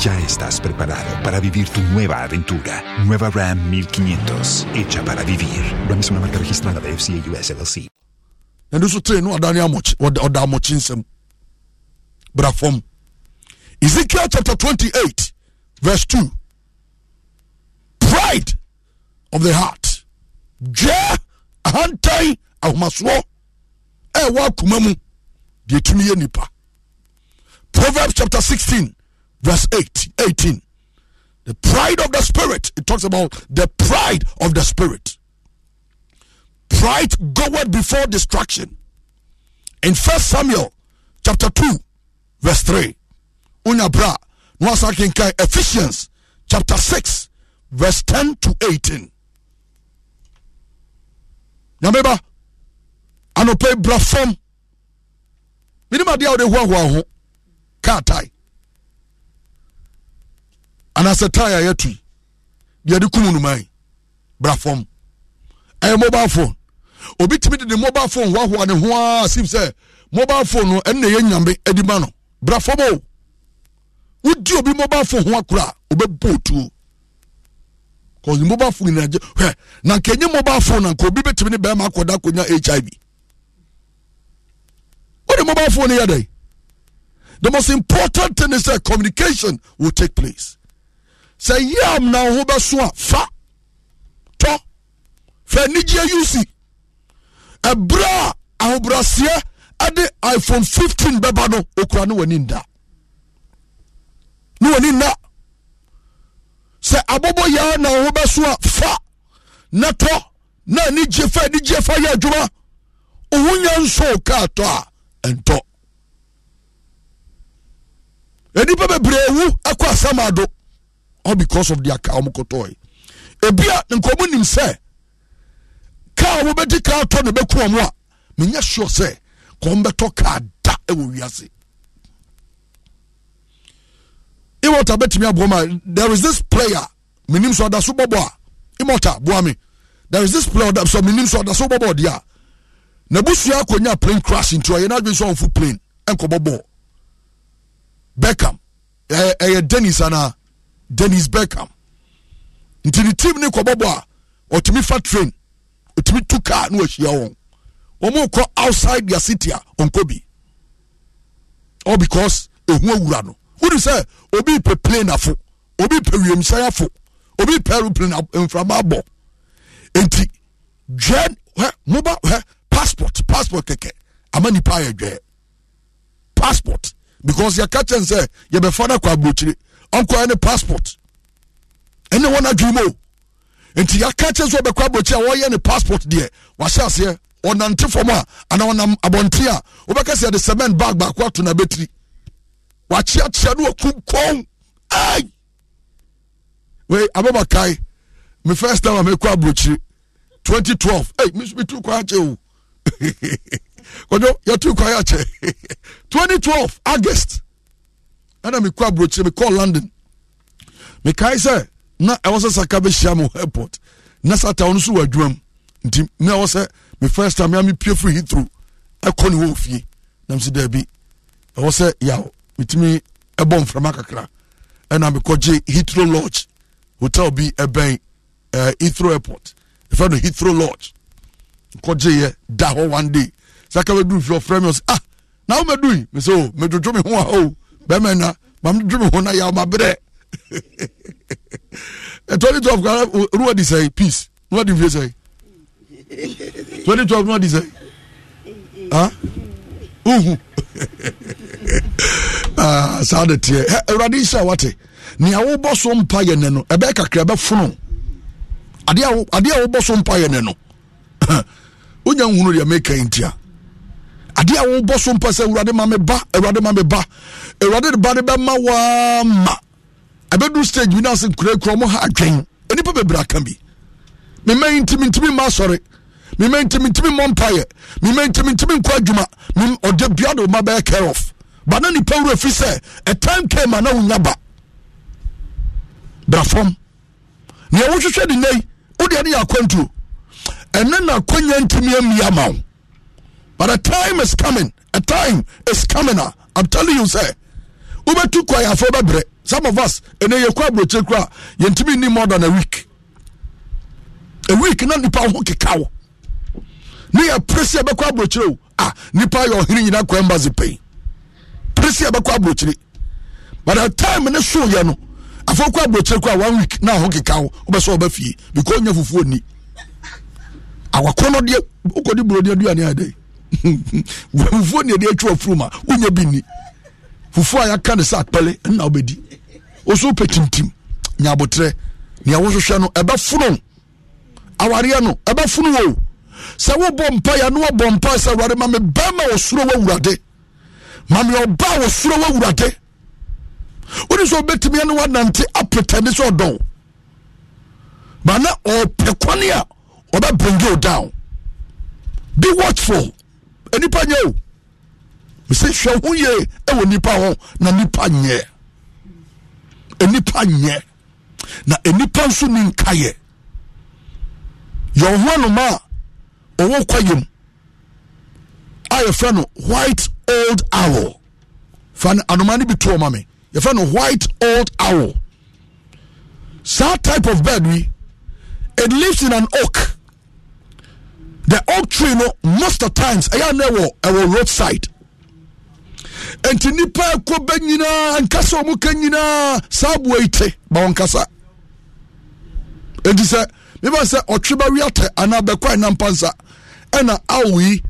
Ya estás preparado para vivir tu nueva aventura. Nueva Ram 1500, hecha para vivir. Ram es una marca registrada de FCA US LLC. ɛno so tee no adani amoch, amɔkye nsɛm bra fam ezekiel chapter 28 verse 2 pride of the heart dwɛ ahantan ahomasoɔ Ewa akoma mu nipa proverbs chapter 16 verse 8, 18. The pride of the spirit. It talks about the pride of the spirit. Pride goeth before destruction. In First Samuel chapter 2, verse 3. Unyabra. Ephesians chapter 6, verse 10 to 18. Nyameba. Anope brafom. Minima dia de huwa ho. Katai anaasɛ taya yɛtui deɛ de kum numan bra fam ɛyɛ mobile phone obi tumi de ne mobile phone hoahoa ne ho a sim sɛ mobile phone no ɛne na ɛyɛ nyame adi ma no bra fam o wodi obi mobile phone ho akora a obɛbɔ otuo cause mobile phone nyina gye hwɛ na nka ɛnyɛ mobile phone na nka obi bɛtumi ne bɛrima akɔda akɔnya hiv wode mobile phone no yɛ dɛn the most important thing is that communication will take place sɛ yam na wo ho fa to fɛ anigyeɛ usi ɛberɛ a ahobrɛseɛ ɛde iphone 15 bɛba no ɔkura ne w'ani nda ne w'ani na wo fa na to na anigye fa anigye fa yɛ adwuma wo nya nso kaa tɔ a ɛntɔ all because of their car ɔmokɔtɔe ebia nkɔmu nim sɛ car wɔbɛdi car tɔ ne bɛku ɔmo a menyɛ sure se. kɔm bɛtɔ car da ɛwɔ wiase iwọta bɛtumi aboɔ ma there is this player menim so ɔda so bɔbɔ a imɔta boa me there is this player ɔda so menim so ɔda so bɔbɔ ɔdi a n'abusua plane crash nti ɔyɛ n'adwi so ɔnfu plane ɛnkɔ bobo. Beckham eh, eh, Dennis ana. dennis beckham nti ne team ne kɔbɔbɔ a ɔtumi fa train ɔtumi tu car na wahyia wɔn wɔn kɔ outside their city a ɔnkɔ bi all because ehu awura no wuli sɛ obi pɛ plane afo obi pɛ wiemsan afo obi pɛ aeroplane mframa abɔ nti dwɛn hɛ moba hɛ passport passport kɛkɛ ama nipa ayɛ dwɛ passport because yɛ kakyɛ nsɛ yɛ bɛ fa na kɔ aburokyire ɔnkɔɛ ne passport ɛne wɔn adwiri mu nti yɛaka kyɛ sɛ ɔbɛkɔ aburokyi a wɔyɛ ne passport deɛ wahyɛ aseɛ ɔnante fam a anaa ɔnam abɔnten a wobɛka sɛ yɛde cement bag baako ato na bɛtiri wakyeakyea no wakum kɔn ai wei ababakae me first time a mekɔ aburokyiri 2012 ei hey, metu kwa akyɛ o kɔdwo yɛtu kwa yɛakyɛ 2012 august ɛna mekɔ aburokyire mekɔ london mekae sɛ na ɛwɔ sɛ saka bɛhyia mo airport na sata no so wɔ adwuma mu nti me ɛwɔ sɛ me first time me pie firi hitro ɛkɔ ne wɔ fie nam sɛ daabi ɛwɔ sɛ yaw metumi ɛbɔ mframa kakra ɛna mekɔgye hitro lodge hotel bi ɛbɛn ɛɛ eh, hitro airport ɛfɛ no hitro lodge nkɔgye yɛ da hɔ one day saka bɛduru fie ɔfrɛ mi ɔsɛ ah na wo mɛdu yi mesɛ o oh, medwodwo me ho a o oh. bɛmɛ na maame dwe me ho na yaw ma berɛ twenty twelve di peace nuwa di nfe twenty twelve di ah uhu saa de teɛ so mpa yɛ nɛ no ɛbɛyɛ kakra ɛbɛfono so mpa yɛ nhunu deɛ adeɛ a wobɔ so mpa sɛ awurade ma me ba awurade ma me ba awurade de ba de bɛma waa ma ɛbɛduru stage bi na sɛ nkurakura mo ha adwen nnipa bebree aka bi mema yi ntimi ntimi ma asɔre mema ntimi ntimi mmɔ mpayɛ mema ntimi ntimi nkɔ adwuma ɔde bia de woma bɛyɛ care of ba na nipa wura fi sɛ ɛtime came a na wonya ba bra fam nea wohwehwɛ de nai wodeɛ ne yɛ akwantuo ɛne na akwanya ntimi amia ma wo but a time is coming a time is coming a ah. i'm telling you sɛ wobɛtu kwayafoɔ bɛbrɛ some of us ɛnɛ yɛkɔ aburokyi kora yɛntumi ni more than a week a week na nipa ho keka wo ne yɛ presi ɛbɛkɔ aburokyire o ah nipa yɛ ɔhene nyinaa kɔ embassy pɛn presi ɛbɛkɔ aburokyire but a time ne so yɛ no afɔ kɔ aburokyire kora one week na ho keka wo wobɛsɛ ɔbɛ fie because ɔnyɛ fufuo ni awakɔ no deɛ wokɔde buroni aduane adɛ fufuo na yɛde atwa afuru ma wonya bi ni fufuo a yɛaka ne sɛ akpɛle nna wobɛdi wo so wopɛ tintim nya abotrɛ nea wohwehwɛ no funu. awareɛ no funu o sɛ wobɔ mpaeɛ ne wabɔ mpaeɛ sɛ awurade ma me wɔ soro woawurade ma me ɔba wɔ soro woawurade wone sɛ wobɛtumi ne woanante apetane sɛ ɔdɔn ma na ɔpɛ kwane a ɔbɛbringe wo down be watchful nipa nyɛ o mese hwɛ ho yie ɛwɔ nipa ho na nipa nyɛ nipa nyɛ na nipa nso ni nka yɛ yɛn ho anoma a ɔwɔ kɔ yam a yɛfrɛ no white old owl fa no anoma no bi to ɔma me yɛfrɛ no white old owl saa type of bird wi it lives in an oak the oak tree no most of times ɛyɛ anɛ wɔ ɛwɔ roadside nti nipa ɛkɔ bɛ nyinaa nkasa ɔmo ka nyinaa saa nkasa nti sɛ nipa sɛ ɔtwe bɛ wi ɛnam pansa ɛna awo yi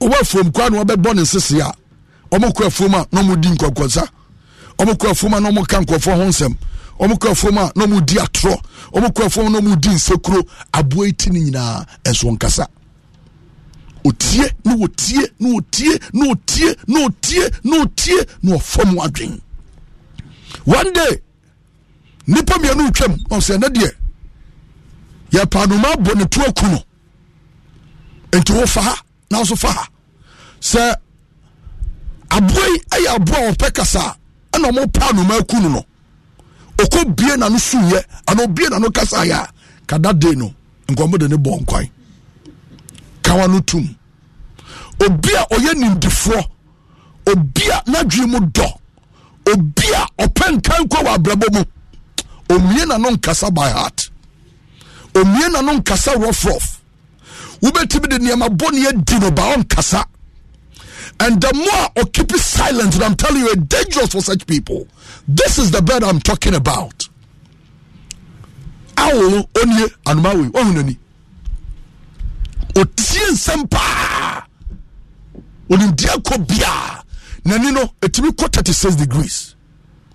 na ɔbɛbɔ ne a ɔmo kɔ a na ɔmo di nkɔkɔnsa ɔmo kɔ afuom a na ɔmo ka ho nsɛm ɔmo kɔ otie na otie na otie na otie na otie na otie na ɔfam adwen one day nipa mmienu retwam ɔsɛ ne deɛ yɛpa anoma abɔ ne tuo ku no nti wofa ha nanso fa ha sɛ aboa yi ɛyɛ aboa a ɔpɛ kasa a ɛna ɔmo pa anoma aku no ɔkɔ bie n'ano suyɛ ana obie n'ano kasa yɛ a kada de no nkɔmɔ de ne bɔ nkwan. kawa no tum obi a ɔyɛ nimdefoɔ obi a n'adwene mu dɔ obi a ɔpɛ nkan wɔ abrabɔ mu omie na no nkasa by heart omie na no nkasa rɔfrɔf wobɛtumi de nneɛma bɔne adi no ba ɔnkasa and the more ɔkeep silent and i'm telling you it's dangerous for such people this is the bird i'm talking about awo onie anomawe ɔhunani ɔtie nsɛm paa onimdeɛ kɔ biaa n'ani no ɛtumi kɔ 36 degrees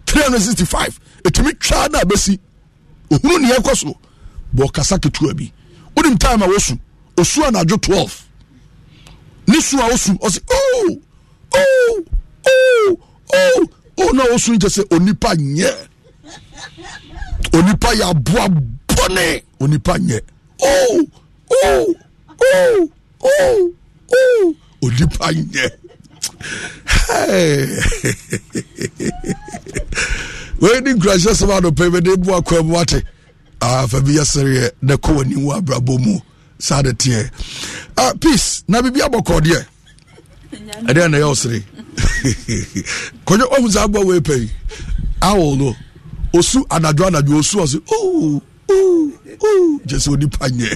365 ɛtumi twaa no abɛsi ohunu neɛ kɔ so bɔ ɔkasa ketewa bi wonim time a wosu osu a nadwo 12 ne su a osu ɔse o oh! o oh! o oh! o o na osu nkyɛ sɛ onipa nyɛ onipa yɛ aboa onipa nyɛ o o onipa nyɛ wei ne nkurahyeɛ sɛm anɔpɛ mede bu akoa mu ate fa bi yɛsereɛ na kɔ w'anim wɔ abrabɔ mu saa de teɛ peace na biribi abɔkɔ deɛ ɛdeɛ na ɛyɛ ɔsere kɔnyɛ ɔhu saa boa wei pɛi awol no osu anadwo anadwo osu ɔse gye sɛ onipa nyɛ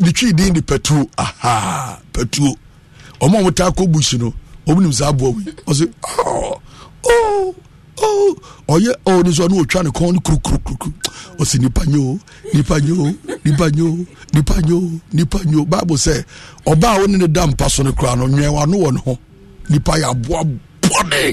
metwii din de patuo aha patuo ɔma ɔmotaa kɔ bush no ɔmunim saa aboa wei ɔse oh, oh, oh. ɔyɛ ɔne so ɔne ɔtwa ne kɔn no kurukurukuru ɔsɛ nipa nyɛ o nipa nyɛ o nipa nyɛ o nipa nyɛ o nipa nyɛ o bible sɛ ɔbaa wo ne ne da mpa so no koraa no nwɛn wano wɔ ne ho nipa yɛ aboa bɔne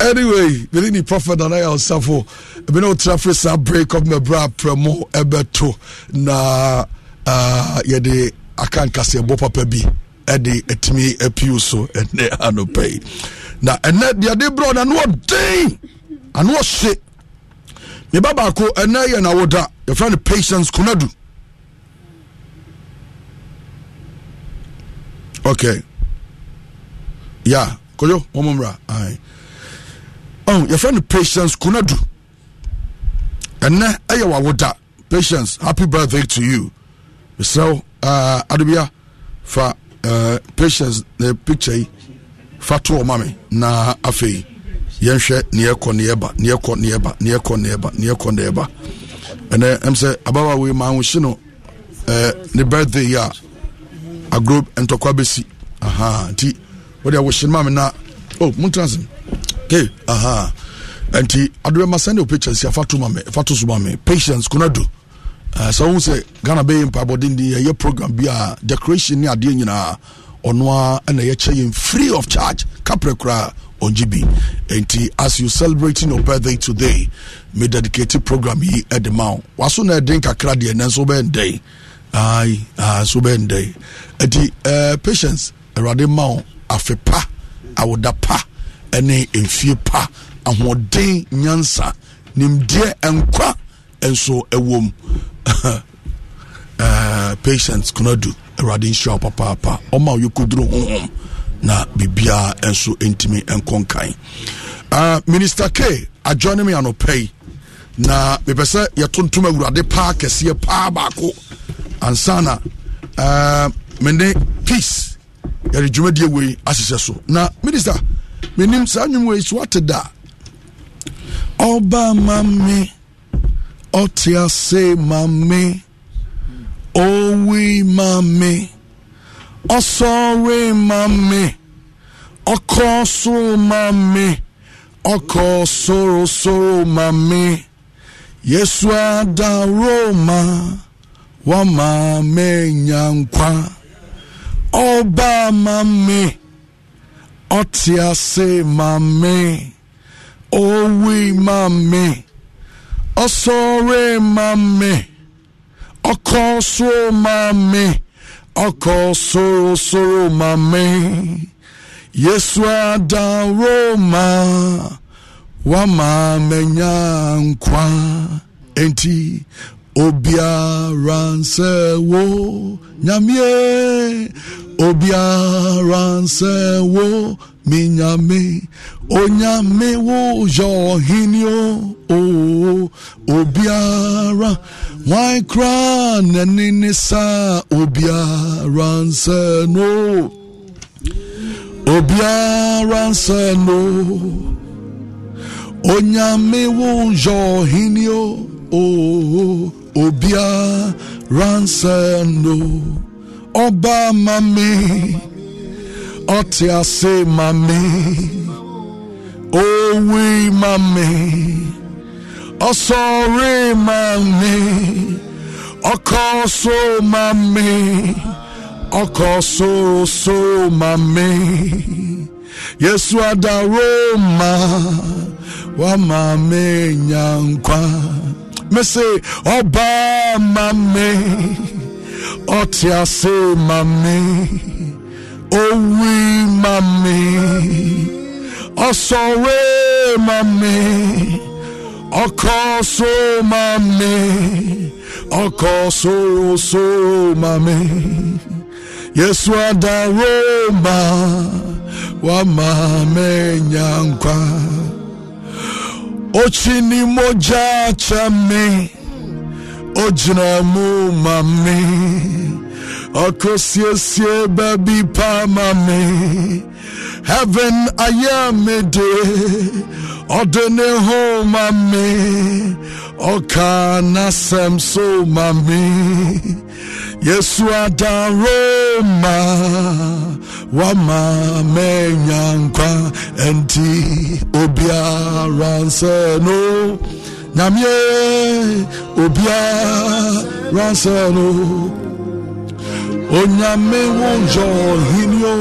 anyway mene ne prophet anayɛ ɔsafo ebi na otra firi saa break up mɛbrɛ aprɛ mu ɛbɛto na yɛde akankasa ɛbɔ papa bi ɛde ɛtumi apiu so ɛnɛ anɔpɛ yi na ɛnɛ deade brɛ na ano ɔden ano ɔhye me ba baako ɛnɛ yɛ nawoda yɛfrɛ no patience kunadu okay ya koyo wɔn mu mmra yɛfrɛ no patience konadu ɛnɛ ɛyɛ wawoda patience happy birthday to you mesrɛ uh, adobia fa uh, patience uh, picture yi fa to ɔma me na afei yɛnhwɛ neɛkɔ neɛba neɛkɔ neɛba neɛkɔ neɛba neɛkɔ neɛba ɛnɛ ɛm sɛ ababa wei ma ahosye no uh, ne birthday yi a agro ntɔkwa bɛsi aha nti wode a wohye no ma me na o oh, montrasem ke aha nti adobɛma sɛne wo patience afato so ma me patience kona do uh, eh, sɛ wohu sɛ ghana bɛyɛ mpaabɔden yɛyɛ program bi a decoration ne adeɛ nyinaa ɔno a ɛna yɛkyɛ yɛn free of charge kaprɛ koraa ɔngye bi nti as you celebrating your birthday today me dedicate program yi ɛde e ma wo waso na ɛden e kakra deɛ nanso wobɛyɛ ndɛn ai uh, so wobɛyɛ ndɛn nti uh, eh, patience awurade ma wo afe pa awoda pa ɛne mfie pa ahoɔden nyansa nimdeɛ nkwa nso ɛwɔ mu uh, eh, patient kunadu awurade nhyira papaapa ɔma a honhom na biribiaa nso ntumi nkɔ nkan eh, minister k adwane me anɔpɛ yi na mepɛ sɛ yɛtontom awurade paa kɛseɛ paa baako ansa na eh, mene peace yɛre dwumadie wei ahyehyɛ so na minister menim saa nnwom wei so ate da ọba ma mme, ọte ase ma mme, owi ma me ọsọre ma mme, ọkọ soro ma me ọkọ soro soro ma yesu adaro ma wa ma me nyankwa ọba ma mme, ọte ase ma mme. owi ma mi ọsọre ma mi ọkọ soro ma mi ọkọ soro soro ma yesu adaro ma wa ma menya nkwa enti obiara nsẹ wo nyamie obiara nsẹ wo. minyame onyame wo yɔ hini o oo obiara wọn kura n'ani nisa obiara nsɛ no obiara nsɛ no onyame wo yɔ hini o oo obiara nsɛ no ɔba mami. Ọtị asị ma me owi ma me ɔsɔre ma me ọkọọsọ ọsọ ma me ɔkɔ ma me yesu adaro ma wama me nyankwa mese ɔbaa ma me ọtị asị ma me. owi mami ọsọwe mami ọkọọsọ mami ọkọọsọrọsọ mami yesu adaro ma wa mame nyankwa ochini moja chami ogyina mu mami. Okosiesie baby me Heaven ayamede Odene ho mame Okanasem so mame Yesu ma Wama menyankwa Enti obiara nseno Namye obiara nseno onyame wụjọ hinio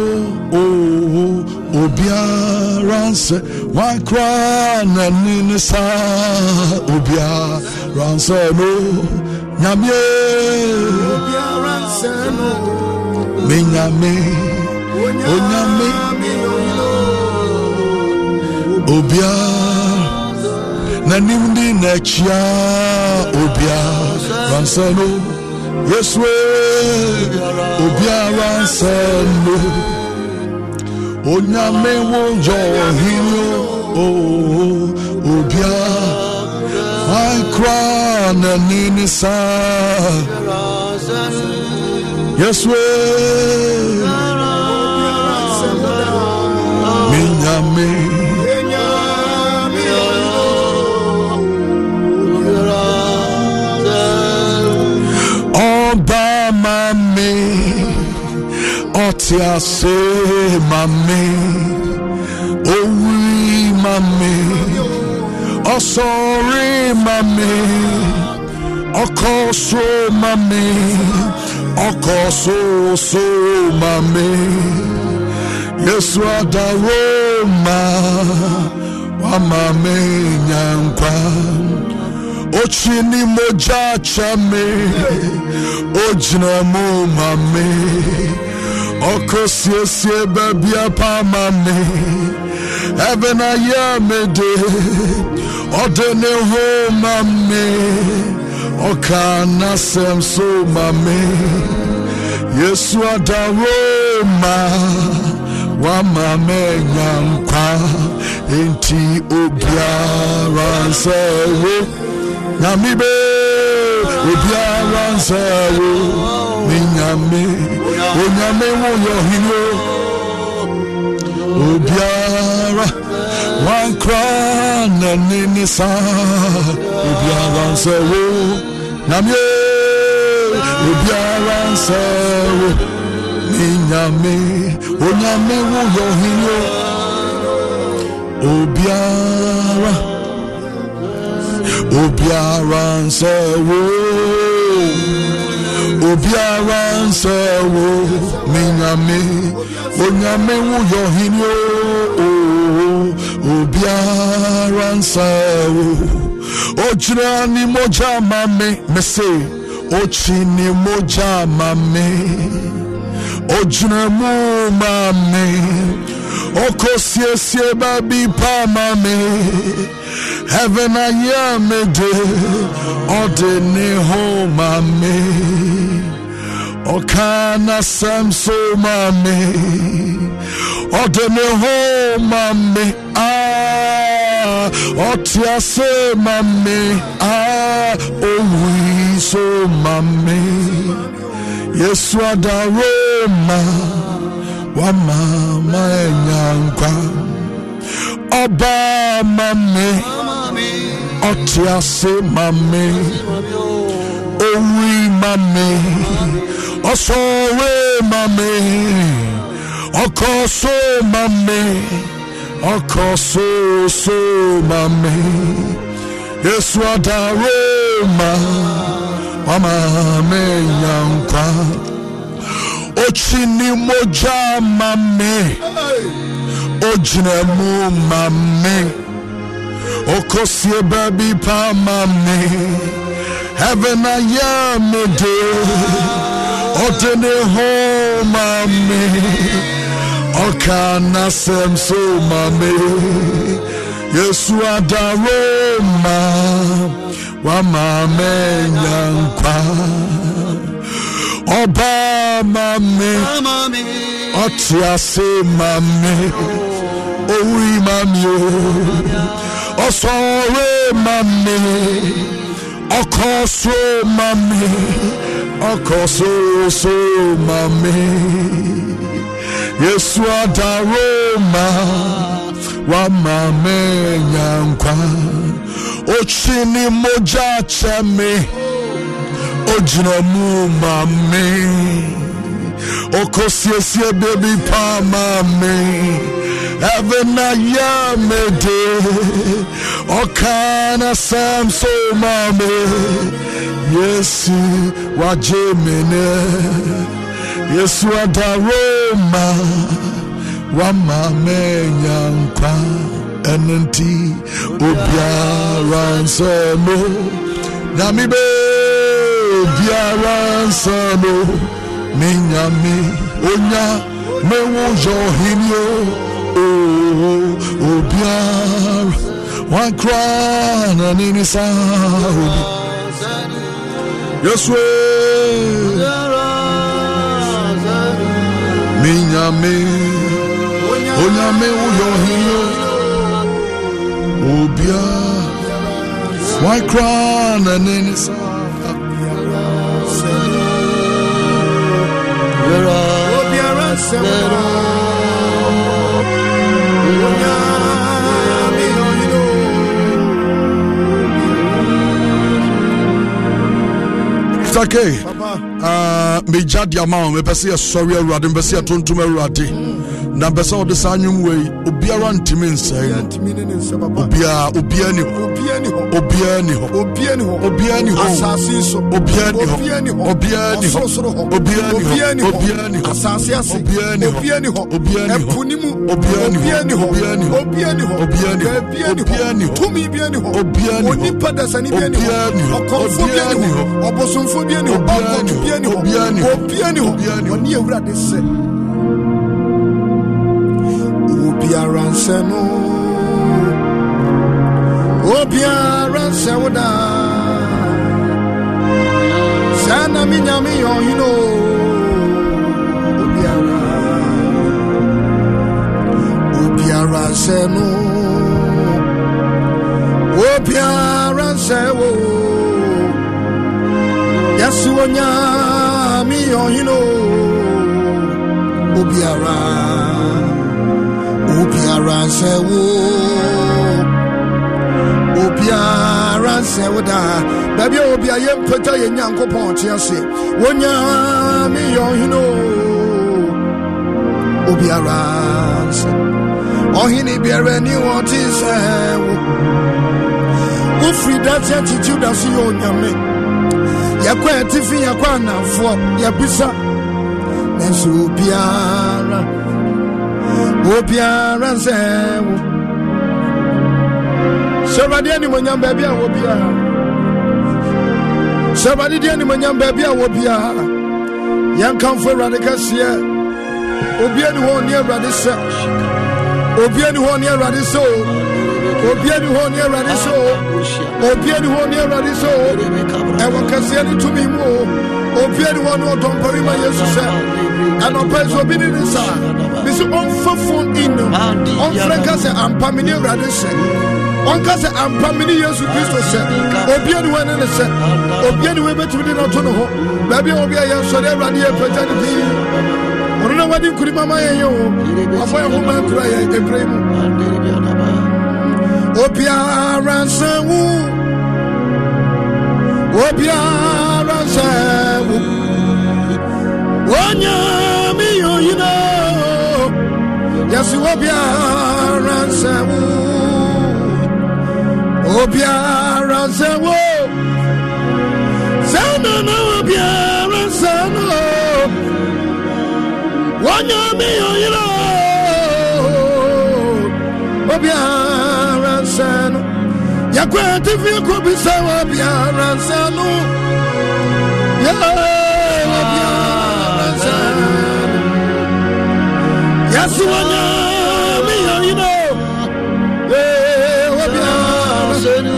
oo obiara nsị wakra na nini saa obiara nsị no nyame menyame onyame obiara na nim dị na chia obiara nsị no yesu obiara nsɛ onyame wo yɔ ɔhene oo obiara ankora n'ani ne nyame. mami ọtí àṣẹ mami owí mami ọsọrí mami ọkọ so mami ọkọ so mami yesu adaroma wa mami nyankwa. Ochi ni moja cha mi Ojina mu mami Oko siesie baby apa mami Heaven I am me de Odene ho mami oka sem so mami Yesu adawo ma wama menya nkwa inti obiara nsɛ wo nyame be obiara nsa wo ne nyame onyame woyɛ ɔhene o obiara wankora n'ani ne saa obiara nsa wo nyame obiara nsa wo ne nyame onyame woyɛ ɔhene o obiara. obiara nsọ wo obiara nsọ wo menyame onyame nwụyọ hini o obiara nsọ wo ogyina ni mogya ama me mese okyi ni mogya ama me ogyina mu ma me ọkọ siesie baabi pa ama me. heaven I ayé mi dé ọdẹ me hó mami ọ̀ka nasẹ́m so mami ọdẹ ní hó mami ọtí ase mami owí so mami yesu adaroma wàmàmà ẹ̀yà nkwa. ọba mami ọtí ase mami owí mami ọsọwé mami ọkọọsọ mami ọkọọsọsọ mami yesu adaro ma ọmọ mi yankwa ochi ni mo já mami. Hey ogyina mu ma me okosie baabi paa ma me heaven ayɛ me de ɔde ne ho ma me ɔka n'asɛm so ma me yesu adaro ma wama me nyankwa ɔbaa ma me ɔte ase ma me. Oh owurri mami o ọsọwe mami so mami ọkọọsọsọ mami yesu adaro ma wa mami nyankwa ochi ni moja kyɛ mi ogyina mu mami okosiesie bebi pa mami. Evena yamete Okana samso so mame Yesu wajemene Yesu adaroma Wamame nyankwa Enenti obiara nsamo Nyami be obiara nsamo Minyami onya mewu yohinio oh obiara wankora na nini saa yesu mi nyame onyame woyɛ ɔhene obiara wankora na nini saa. Obiara, obiara, dr k uh, Me pesi a sorry, a radim. awurade mepɛ sɛ yɛtontom awurade na mpɛ sɛ ɔde saa nnwom wei obiara ntumi nsɛe no obiara obiara ni hɔ obiara ni hɔ obiara ni hɔ obiara tumi biara ni hɔ obiara ni hɔ onipa dasani biara ni sɛ obiara nsɛ no obiara nsɛ wo daa saa na me nyame yɛ ɔhene o obiara obiara nsɛ no obiara nsɛ wo yɛse wo nyame yɛ ɔhene o obiara obiara nsɛ obiara nsɛ wo daa baabi a obia yɛmpɛta yɛ nyankopɔn ɔte ase wonyaa meyɛ ɔhene o obiara nsɛ ɔhene biara ni wɔte sɛ wo wofiri dase atitude ase yɛ onyame yɛkɔ atifi yɛkɔ anafoɔ yɛbisa nanso obiara obiara nsɛ wo sɛ awurade animonyam baabi a wɔ biara sɛ awurade deɛ animonyam baabi a wɔ biara yɛnkamfo awurade kɛseɛ obia ni hɔ ne awurade sɛ obia ni hɔ ne awurade sɛ o obia ni hɔ ne awurade sɛ o obia ni hɔ ne awurade sɛ o ɛwɔ kɛseɛ ne tumi mu o obia ni hɔ ne ma yesu sɛ anɔpɛ nso obi ne ne saa bisi ɔnfa fon inam ɔnfrɛ ka awurade sɛ ampa me yesu kristo hyɛ obia ne ne ne hyɛ obia ne wɔ bɛtumi de ne ho baabi a obi a yɛnsɔre awurade yɛpagya ne din ɔno na wade nkurima ma yɛyɛ o wafa yɛ ho ma akura yɛ ɛbrɛ mu obiara nsɛ wo obiara nsɛ wo onye mi yoyina yasi obiara nsewu obiara nsewu sẹ́nà náà obiara nsẹ́nà onye mi yoyina obiara nsẹ́nà yakwẹ́ tí fi kò bí sẹ́wọ́ obiara nsẹ́nà Eh, si wanya mi yɛ yino ee obiara sɛni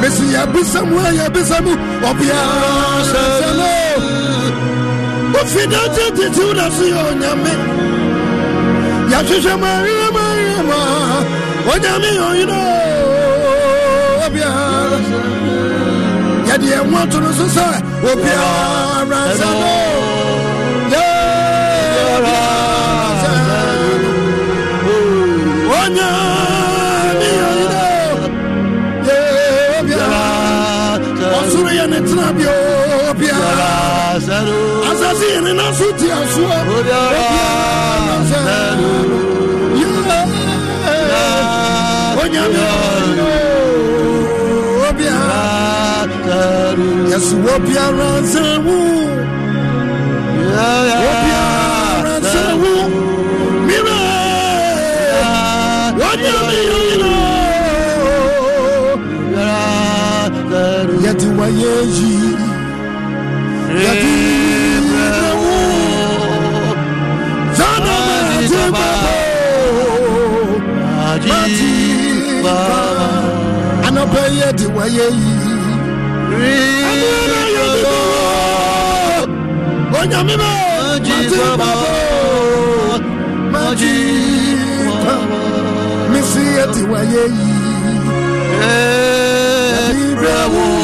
mesi yabisamu yabisamu obiara sɛni ofida tètè wúna si yɛ onyame yahyehyɛ mariya mariya ma onyame yɛ yino obiara sɛni yɛde ɛmu ato no so sɛ obiara sɛni. ɔsoro yɛ ne tena bioo biara asase yɛ ne na so te asoɔ onyame yɛso wɔ biara nsɛ wo wɔ biara nsɛ wo mira ayé yìí yàtí ìrẹ̀wò sọ́nà àti bàbá àti bàbá anọ́pẹ́ yẹ di wáyé yìí. Onyamime mati babo mati babo misi eti waye yi. Ebi brewu.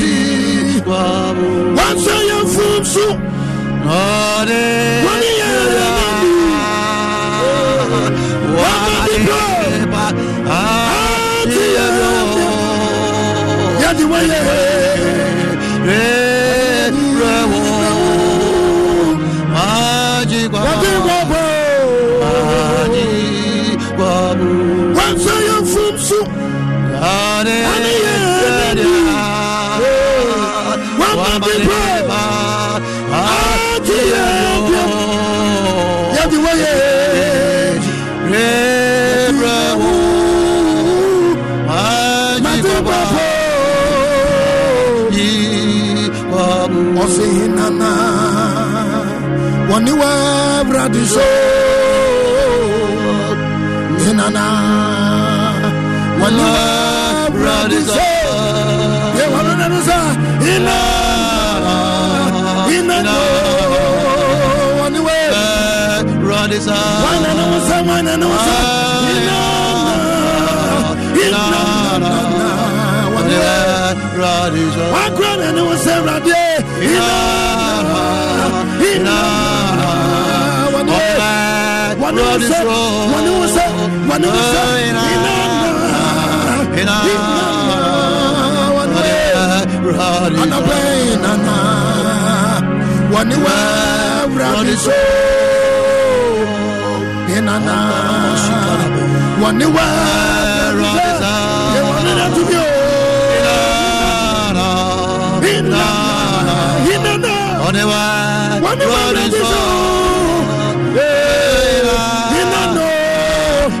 di babu. wansa yɛ fun so wɔne yɛ yɛnadu wamadidɔ ati yɛ yɛde wɔyɛ adiso nyenana wala bradiso ye wala nanusa ina ina no waniwe bradisa wana nanusa wana nanusa ina ina waniwe bradiso wakwa nanusa radie ina ina wani wusɛ wani wusɛ wani na, inana na wani wɛ anabɛ inana wani wɛ wurani so inana wani wɛ wurani so ewani na tumi o inana inana inana wani wɛ wurani so.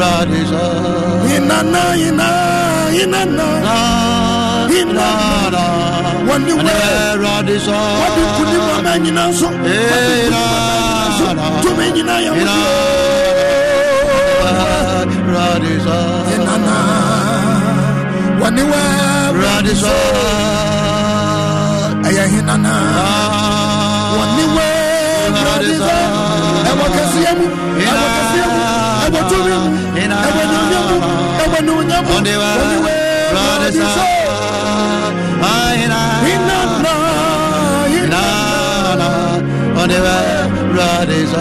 radisha. Ina na ina ina na ina na wani we radisha. Wadi kuni mama nyina nso. Ina na tumi nyina ya ina radisha. Ina na wani we radisha. Aya ina na wani we radisha. Ewa kasiyamu. Ewa kasiyamu. ɛwɔtumi ɛwɔ nonyamu ɛwɔ nonyamu oniwe ɔdiso inana inana oniwe ɔdiso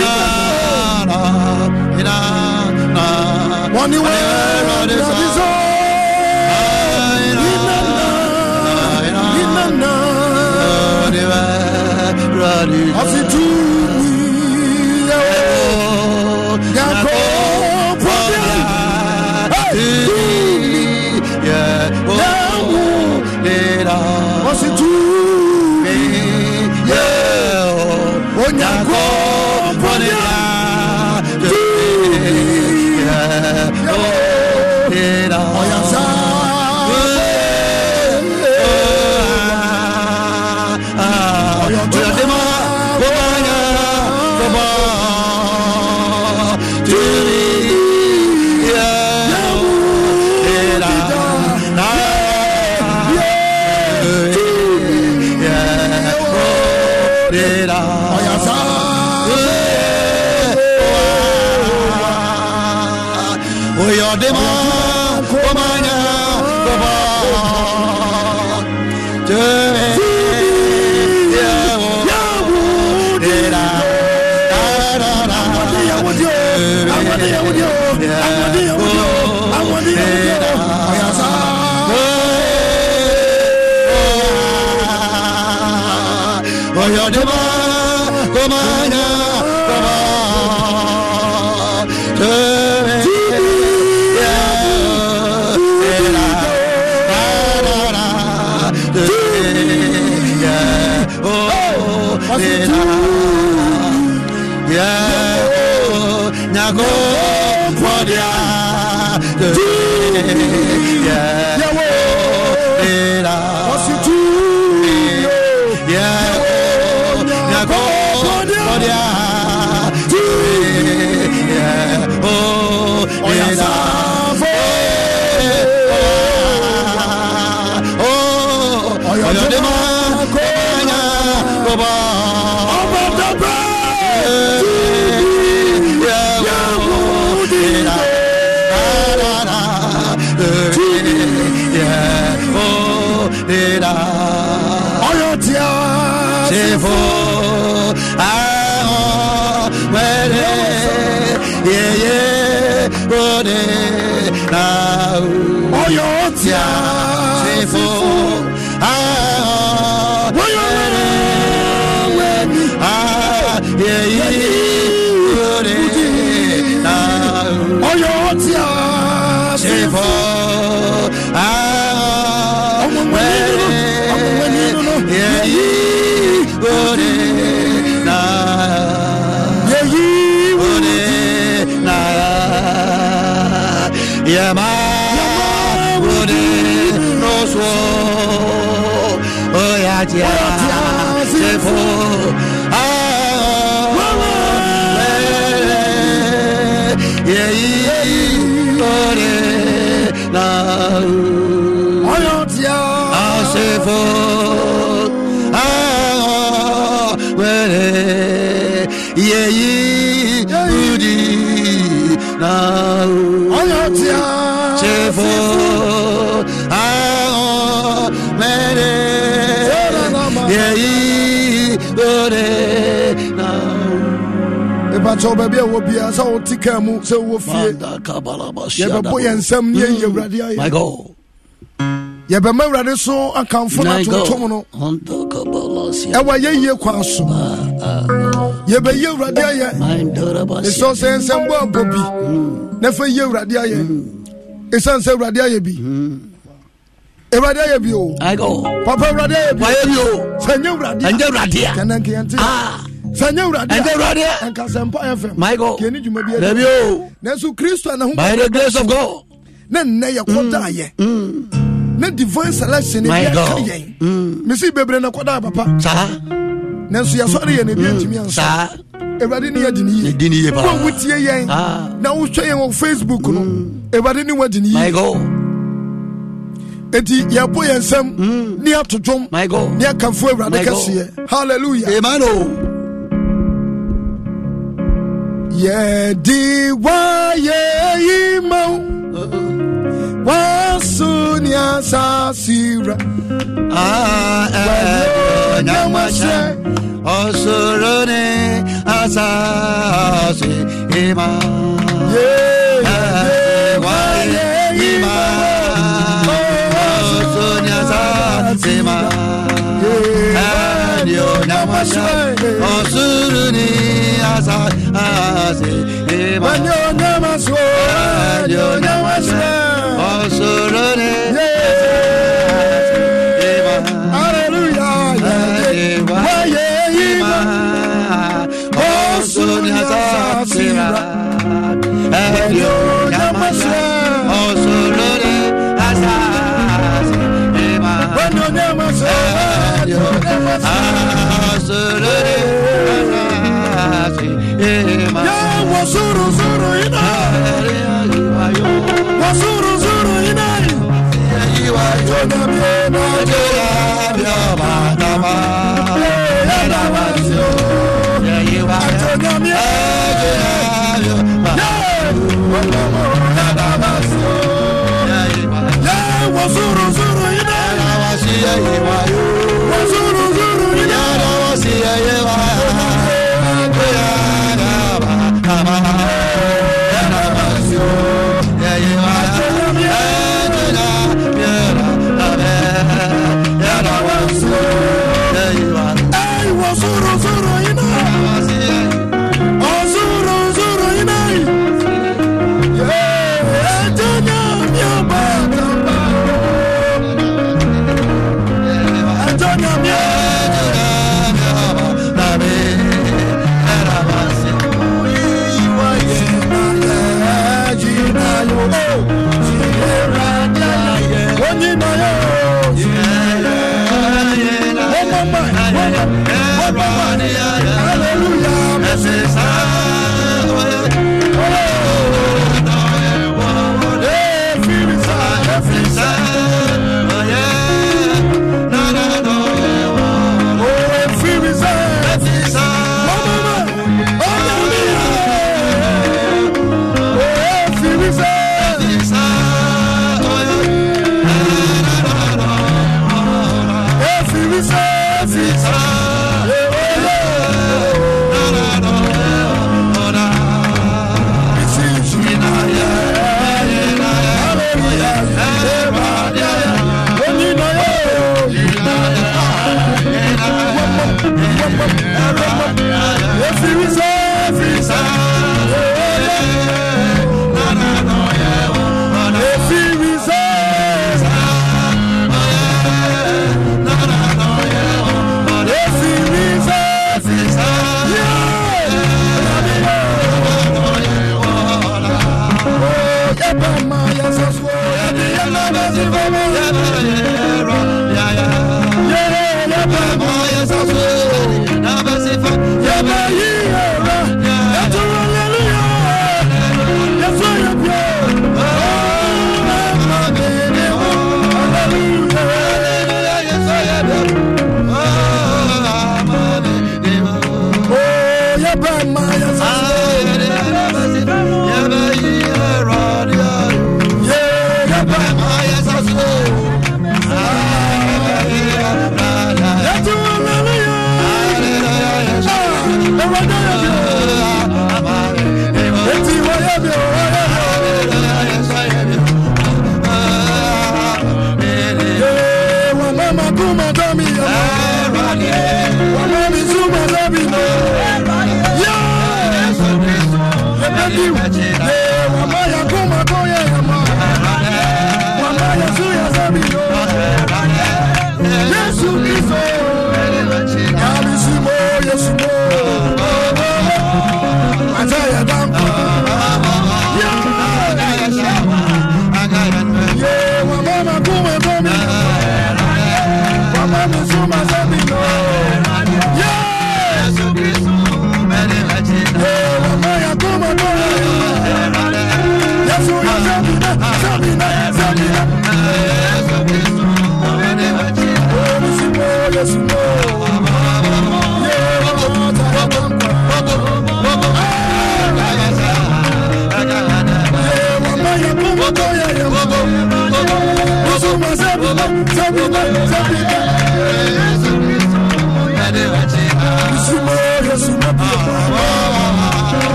inana inana oniwe ɔdiso. Of the two. Yeah. bia tumi yɛ ohun lera. sɛ baabi a wɔ biara sɛ wote kaa mu sɛ wowɔ fie yɛ nsɛm ne yɛyi hmm. awurade ayɛ yɛbɛma awurade so akamfo no atontom no ɛwɔ yɛyie kwa so ah, ah. yɛbɛyi awurade ayɛ ɛsɛ sɛ nsɛm bɔ abɔ bi hmm. na fa yi awurade ayɛ ɛsiane hmm. sɛ awurade ayɛ bi awurade ayɛ bi o papa awurade ayɛ bi o sɛ ɛnyɛ awurade a ɛnyɛ awurade a sɛnyɛ wuradeɛ nkasɛmpa fm kɛni dwuma biadabio nanso kristo anaho by the grace of god na nnɛ yɛ kɔdaayɛ mm. mm. na divine selection biaka yɛn mm. mesi bebree na kɔdaa papa nanso yɛsɔre yɛ ne bi antumi ansa awurade ne yɛdi ne yie wo wotie yɛn ah. na wohwɛ yɛn wɔ facebook no awurade ne wadi ne yie eti yɛbɔ yɛn nsɛm ne ato dwom ne akamfo awurade kɛseɛ halleluya yɛdi wa yɛyi ma wo waso ne asase wura onyamahyɛ ɔsoro ne asase ima yɛdi eh, wa yɛyi eh, ma waso ne asase ma ọ̀sùrùnì àṣà àṣì ìmọ̀. wọ́n ní ọ̀nà máa sọ ọ́ ní ọ̀nà máa sọ ọ́. ọ̀sùrùnì àṣà ìmọ̀. hallelujah yàgé wáyé ìmọ̀. ọ̀sùrùnì àṣà ìmọ̀. ẹ̀yọ́. Juros deserve it.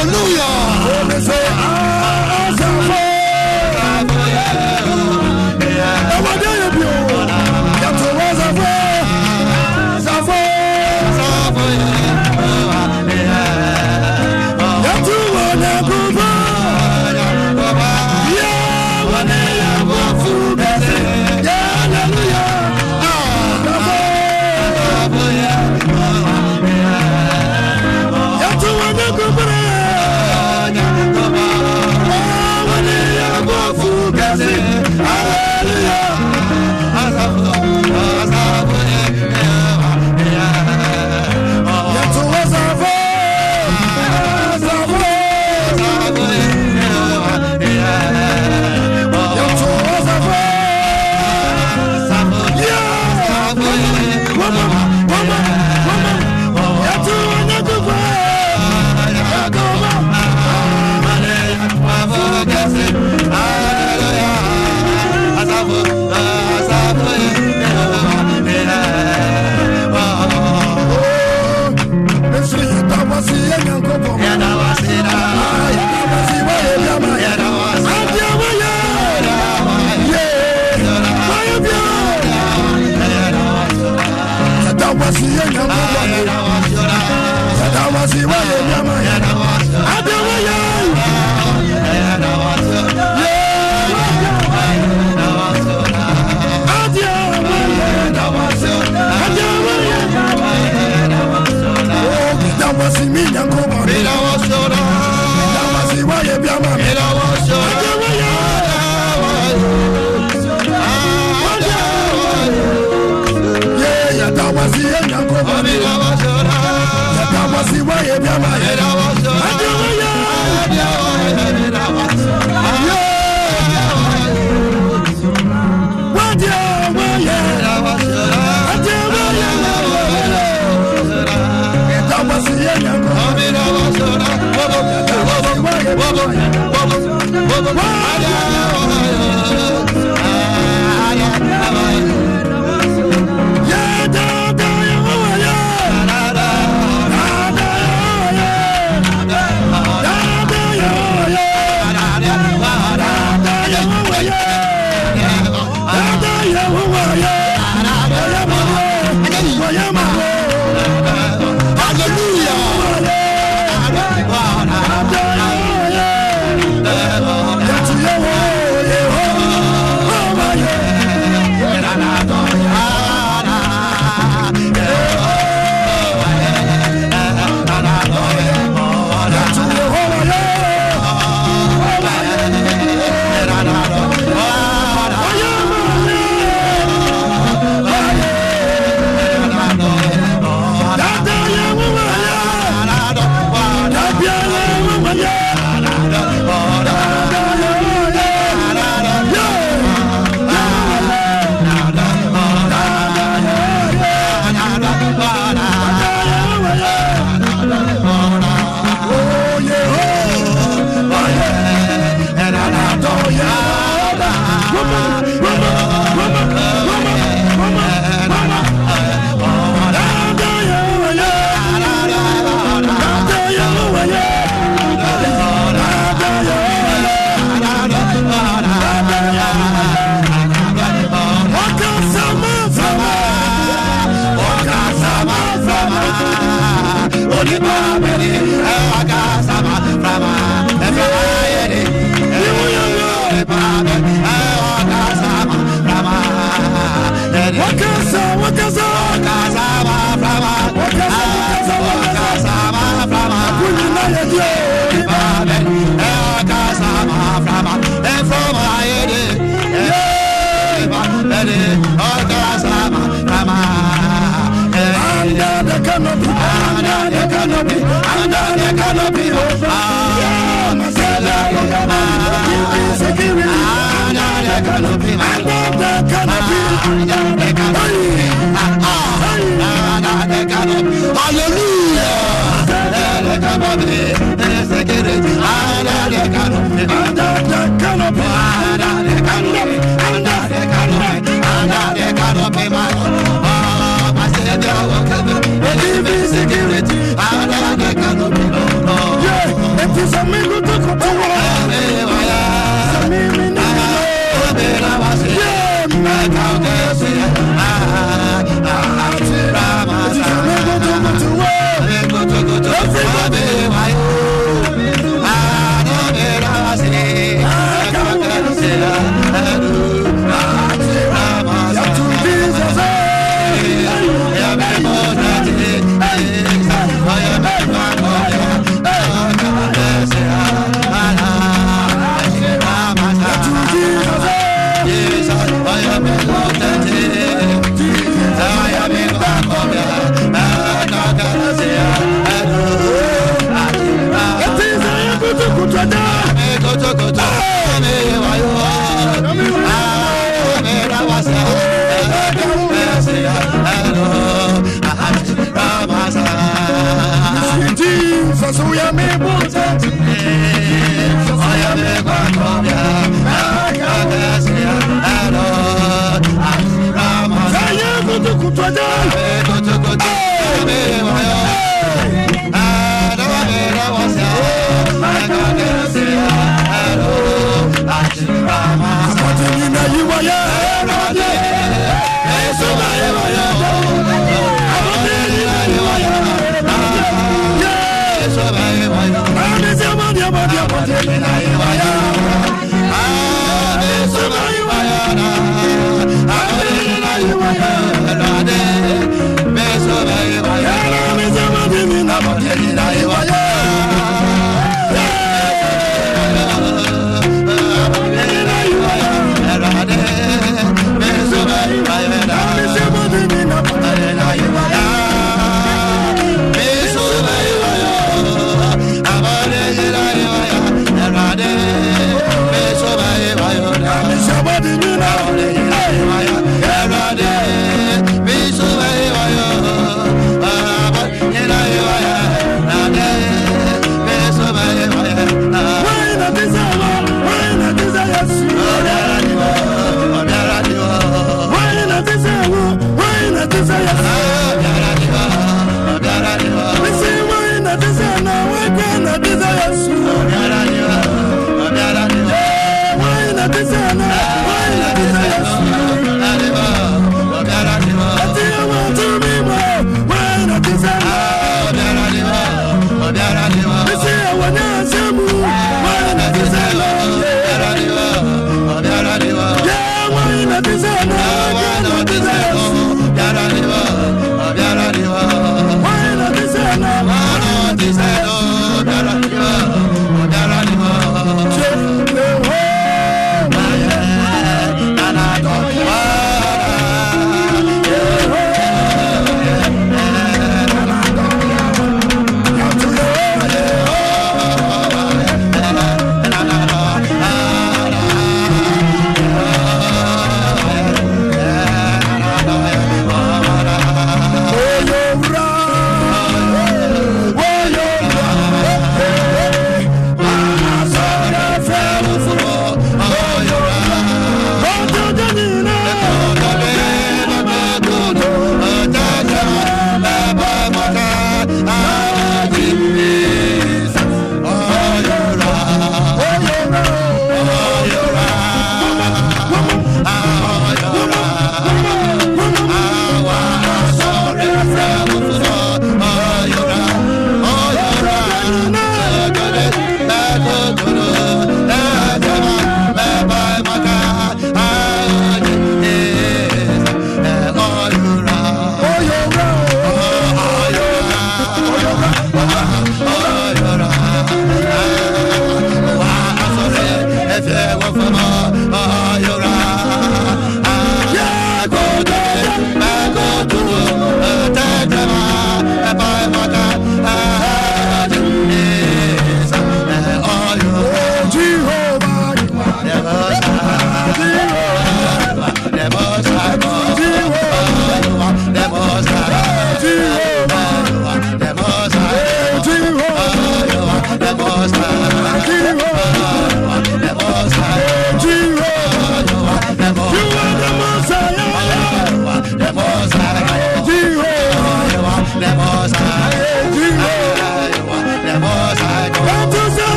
Hallelujah!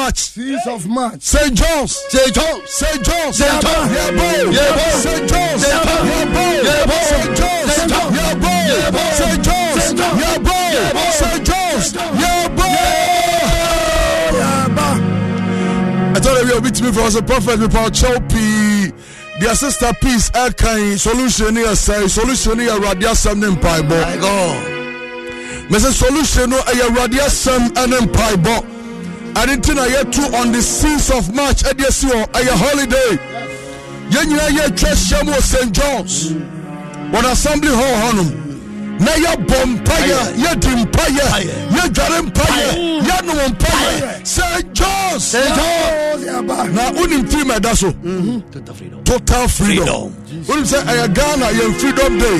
March. of March. St. John's. St. John's. St. John's. St. John's. St. John's. St. John's. St. John's. St. John's. St. John's. St. John's. St. John's. I told her we are meeting me for as a prophet with our choppy. Their sister peace, Elkain, solution here, say, solution here, radia some name pie, boy. Mrs. Solution, no, a radia some empire, ɛne nti na yɛtu on the six of march ɛde asi hɔ ɛyɛ holiday yɛn nyinaa yɛatwa ahyia mu wɔ st johns wɔn assembly hall hɔnom na yɛbɔ mpayɛ yɛdi mpayɛ yɛdware mpayɛ yɛnom mpayɛ sɛ jos na wonim tirim ɛda so mm-hmm. total freedom wonim sɛ ɛyɛ ghana yɛn freedom day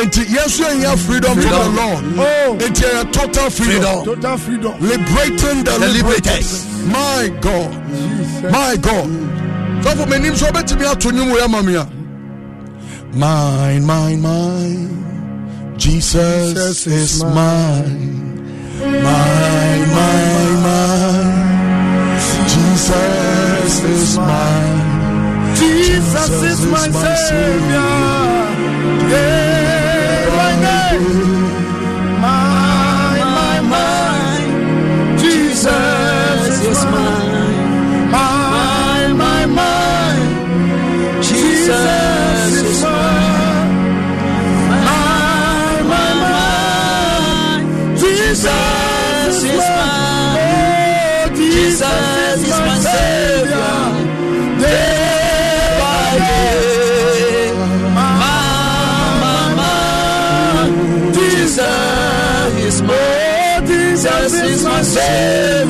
enti yɛnso yɛnya freedom from the lord mm. oh. enti ɛyɛ total freedom liberating the liberators my god my god sɔfo m'anim sɛ wobɛtumi ato nwom wei ama me a mine mine mine Jesus, Jesus is mine. Mine, mine, mine. Jesus is mine. Jesus is my Savior. Yeah, my name. My, my, my. Jesus. Jesus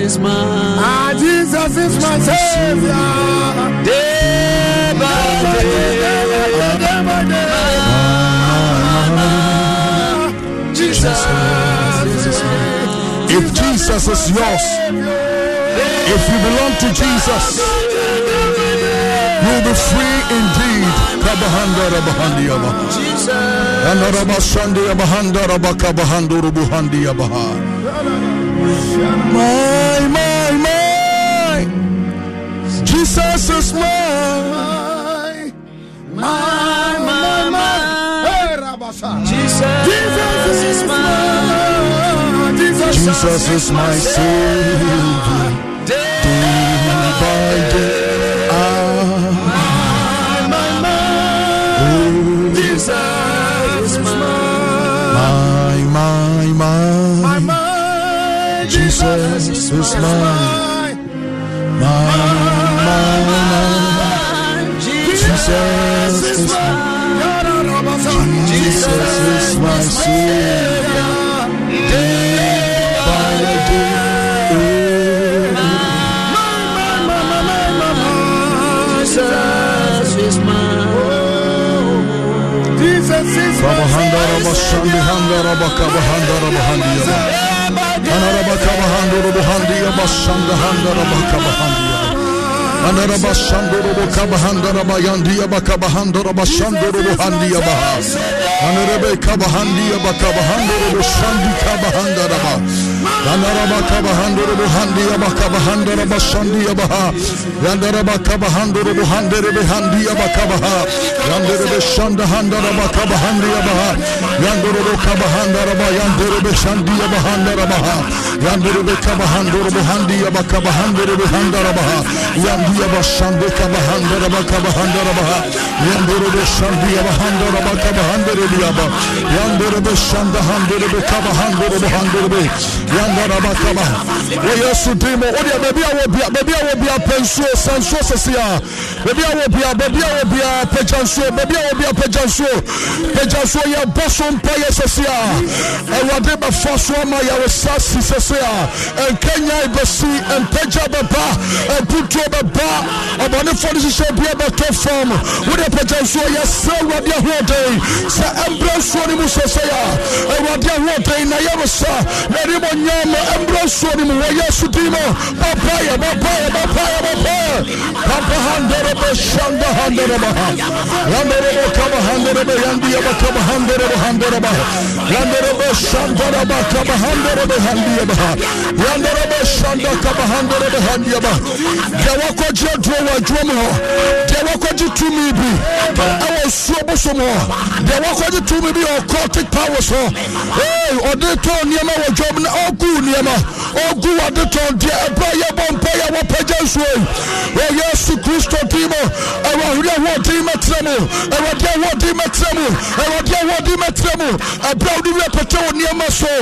is my ah, Jesus is my Savior. Day by day, my, my, my, my, Jesus is mine. If Jesus is yours, if you belong to Jesus be free indeed. My, my, my. Jesus is mine. My, my, my. my. Jesus is mine. Jesus is my Savior. Jesus is mine. Mine, mine, mine. Jesus is mine. Jesus is my Savior. Day by day. Mine, mine, Jesus is mine. Jesus is my Savior. Anarabakabahandorobuhandia Basandahandarabakabahandia. Anarabashandorobo Kabahanda Bakabahandoroba Shandorobo Handia Baha. Anarabe Kabahandia Bakabahandorobo Shandi Kabahandaraba. Anaraba Kabahandorobo Handia Bakabahandaraba Shandia Baha. Yandaraba Kabahandorobo Handerebe Handia Bakabaha. Yandere be şanda handara ba kabahandriya baha. Yandere be kabahandara ba yandere be şandiya bahandara baha. Yandere be kabahandoro be handiya ba kabahandere be handara baha. Yandiya ba şande kabahandara ba kabahandara baha. Yandere be şandiya bahandara ba kabahandere biya ba. Yandere be şanda handere be kabahandoro be handere be. Yandara ba kabahandara. Oya dimo odia bebi awo bia bebi awo bia pensuo sansuo sesia baabi a wɔ bia baabi a wɔ bia pagya nsuo baabi a wɔ bia pagya nsuo pagya nsuo yɛ bɔ so mpa yɛ sɛse a awurade bɛfa so ama yɛwɔ sa si sɛse a nkanya bɛsi mpagya bɛba mputuo bɛba ɔbɔnefoɔ no hyehyɛ bia bɛtɔ fam wode pagya nsuo yɛsrɛ awurade ahoɔden sɛ ɛmbrɛ nsuo no mu sɛse a awurade ahoɔden na yɛwɔ sa na animɔnyam ɛmbrɛ nsuo no mu wɔ yɛ sodin mu bɛpaeɛ bɛpaeɛ bɛpaeɛ bɛpaeɛ pampahande Rabo Shanda Handarabaha, Randarabo Kaba Kaba Kaba Powers, Ogu Ogu Oh, yes, din mu awurade awo din metremu, mu awurade awo din mɛtira mu awurade awo din mɛtira mu abira wo de wi apɛtɛ wo nneɛma so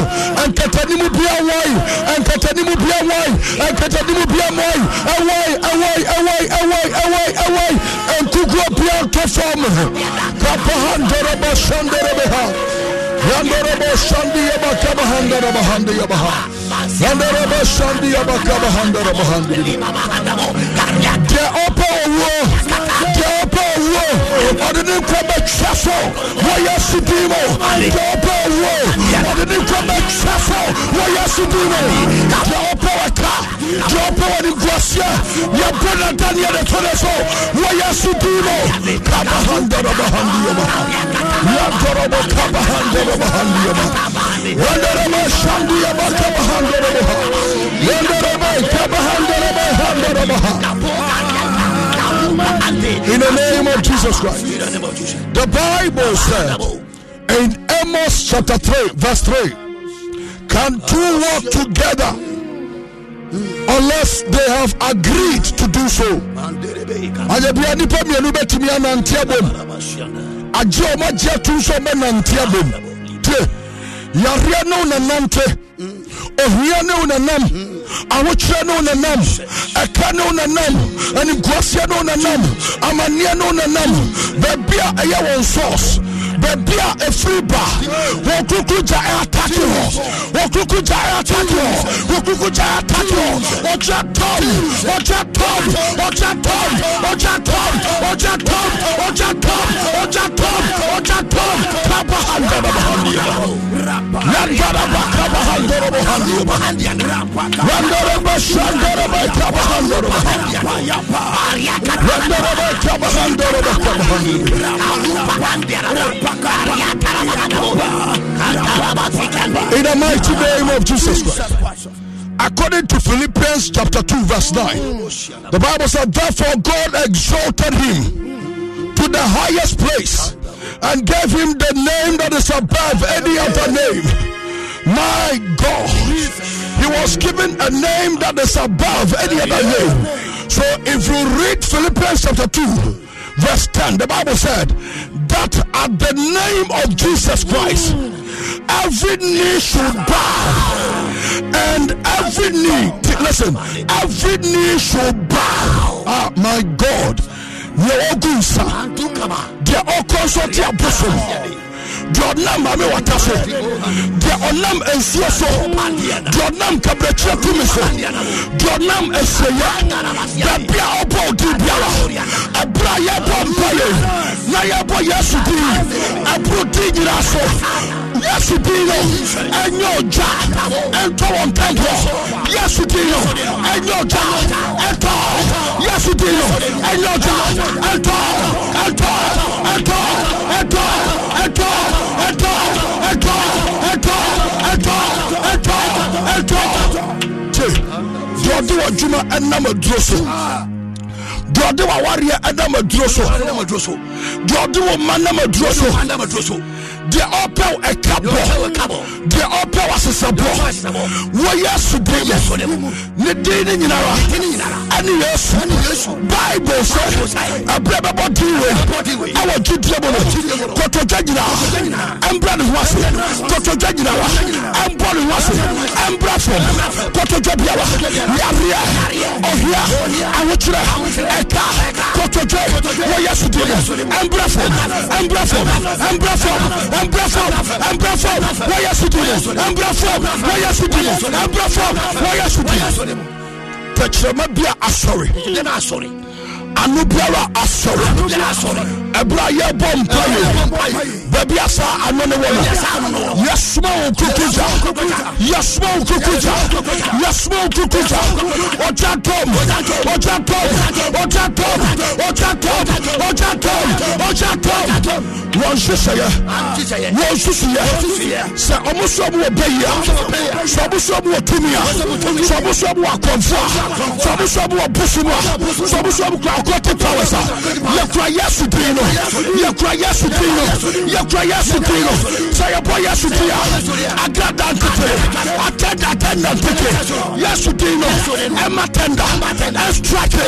nkatanimu bia wɔyi nkatanimu bia wɔyi nkatanimu bia mɔyi ɛwɔyi ɛwɔyi ɛwɔyi ɛwɔyi ɛwɔyi ɛwɔyi nkukuo bia nkɛ fam kapa ha ndɔrɔbɔ sɔn ndɔrɔbɔ ha yandɔrɔbɔ sɔn di yaba kaba ha ndɔrɔbɔ ha ndi yaba ha. The ɔde ne nkwa bɛtwa so wɔyɛ sidi mu deɛ ɔpɛ wo ɔde ne nkwa bɛtwa so wɔyɛ sidi mu deɛ ɔpɛ wɔ ka deɛ ɔpɛ wɔ ne guaseɛ yɛbɔ nata ne yɛde to ne so wɔyɛ sidi mu kabahandɔdɔbɔhandiyɛma yɛdɔrɔbɔ kabahandɔdɔbɔhandiyɛma wɔndɔrɔbɔ shandiyɛma kabahandɔdɔbɔ wɔndɔrɔbɔ kabahandɔdɔbɔhandɔdɔbɔ in the name of Jesus Christ. The Bible says in Amos chapter 3, verse 3 Can two walk together unless they have agreed to do so? ọmọ ọmọ ohia ne wo nanam awokyerɛ ne wo nanam ɛka ne wo nanam animguaseɛ ne wo nanam amanneɛ ne wo nanam baabi a ɛyɛ wɔn source baabi a ɛfiri ba wɔn kuku gya ɛ atake hɔ wɔn kuku gya ɛ atake hɔ wɔn gya ɛ hɔ ɔkyerɛ tɔm ɔkyerɛ tɔm ɔkyerɛ tɔm ɔkyerɛ tɔm ɔkyerɛ tɔm ɔkyerɛ tɔm ɔkyerɛ tɔm ɔkyerɛ tɔm. In the mighty name of Jesus Christ, according to Philippians chapter 2, verse 9, the Bible said, Therefore, God exalted him to the highest place and gave him the name that is above any other name. My God, he was given a name that is above any other name. So if you read Philippians chapter 2, verse 10, the Bible said that at the name of Jesus Christ, every knee should bow and every knee, listen, every knee should bow. Ah, my God deɛ ɔgu nsa deɛ ɔkɔ nso te abosom deɛ ɔnam maame wata so deɛ ɔnam nsuo so deɛ ɔnam kabrakyerɛ tumi so deɛ ɔnam asieɛ baabi a ɔbɔ odi biara ɛberɛ a yɛbɔ mpaye na yɛbɔ yesu din ɛboro din nyinaa so yesu din no ɛnyɛ ɔgya ɛntɔ wɔ ntɛntoɔ yesu din no ɛnyɛ ɔgya ɛntɔ yesu din no ɛnyɛ ɔgya ɛntɔ ɛntɔ ɛntɔ ɛntɔ ɛntɔ ɛntɔ ẹtọ ẹtọ ẹtọ ẹtọ ẹtọ ẹtọ tse deɛ ɔde w'adwuma ɛnam aduro so deɛ ɔde w'awareɛ ɛnam aduro so deɛ ɔde wo ma nam aduro so deɛ ɔpɛw ɛka bɔ deɛ ɔpɛw asesɛ ne den ne nyinara. ɛne yesu bible sɛ ɛberɛ bɛbɔ din we ɛwɔ gyidie mu no kotodwa nyina ɛmbra ne ho ase kotodwa nyina wa ɛmbɔ ne ho ase ɛmbra fam kotodwa biawa yareɛ ɔhia awokyerɛ ɛka kotodwa wɔ yesu die mu ɛmbra fam ɛmbra fam ɛmbra fam ɛmbra fam ɛmbra fam wɔ yesu die mu ɛmbra fam wɔ yesu die mu ɛmbra fam wɔ yesu die mu tɛkyerɛma bi a asɔre yɛne asɔre ano biara asɔre yɛne asɔre ɛberɛ a yɛbɔ mpae baabi asa ano ne wɔ no yɛsoma wo kukuta yɛsoma wo kukuta yɛsoma wo kukuta ɔgya tom ɔgya tom ɔgya tom ɔgya tom ɔgya tom ɔgya tom wɔn hyehyɛeɛ wɔn susuyɛ sɛ ɔmo so mu wɔ bɛyi a sɛ ɔmo so mu wɔ tumi a sɛ ɔmo so mu wɔ akɔmfo a sɛ ɔmo so mu wɔ bosom a sɛ ɔmo so mu kura akɔte powers a yɛkura yɛsu din no yɛkura yesu din no yɛkura yesu din no sɛ yɛbɔ yesu din a agrada ntete atɛda atɛda ntete yesu din no ɛma tɛnda ɛstrake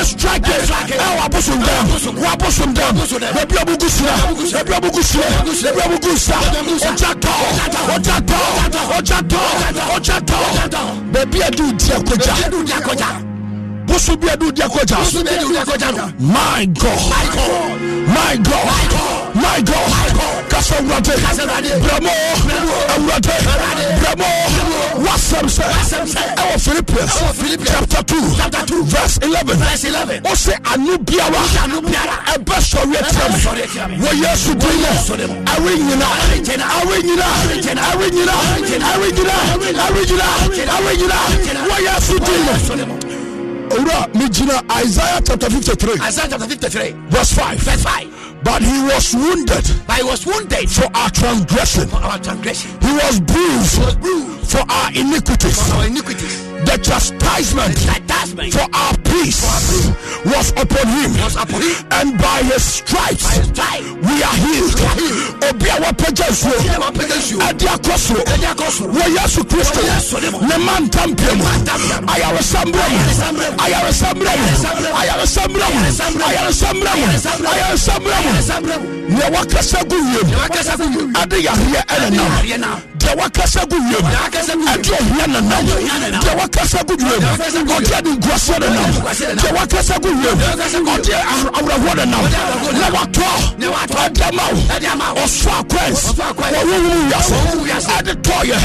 ɛstrake ɛwɔ abosom dɛm wɔ abosom dɛm baabi a bugu sira baabi a bugu sira baabi a bugu sa ɔgya tɔ ɔgya tɔ ɔgya tɔ ɔgya tɔ baabi a di odi akɔgya. bosu bi edu di akɔja bosu bi edu di akɔja no my god my god my god my god kasa awurade bramo awurade bramo wasɛm sɛ ɛwɔ philippians chapter two verse eleven o se anu biara ɛbɛ sɔre tira mi wɔ yesu di mu awi nyina awi nyina awi nyina awi nyina awi nyina awi nyina wɔ yesu di mu. owura megyina isaiah chapter 53 isaiah chapter 53 verse 5 verse 5 but he was wounded but he was wounded for our transgression for our transgression he was bruised, he was bruised for our iniquities for our iniquities the chastisement, for, our peace, was upon him, and by his stripes by his stripe, we are healed. Obiawa Pejasu, Edia Kosro, Wayasu Christo, Neman Tampium, Ayara Sambram, Ayara Sambram, Ayara Sambram, Ayara Sambram, Ayara Sambram, Yawaka Sagu, Adia Yahia Elena deɛ wakasa gu wiem ɛde ɔhia nanam deɛ wakasa gu wiem ɔde adenkuasoɔ nanam deɛ wakasa gu wiem ɔde awerɛhoɔ nanam na watɔ ɛde ma wo ɔso akwɛns wɔwowomu wiase ɛde tɔɔyɛ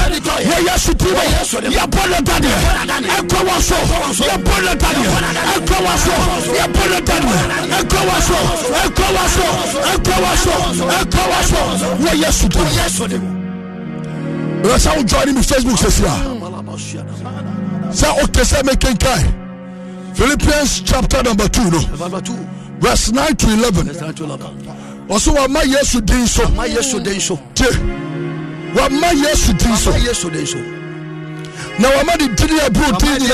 wɔyɛ suturo yɛbɔ ne dadeɛ ɛkɔ wɔ so yɛbɔ ne dadeɛ ɛkɔ wɔ so yɛbɔ ne dadeɛ ɛkɔ wɔ so ɛkɔ wɔ so ɛkɔ wɔ so ɛkɔ wɔ so wɔyɛ suturo ɛwɛ sɛ wojoine me facebook philippians chapter number 2 verse 9 to 11 dit wɔma yesu din so te wɔma yesu din so na de dini aburo din dit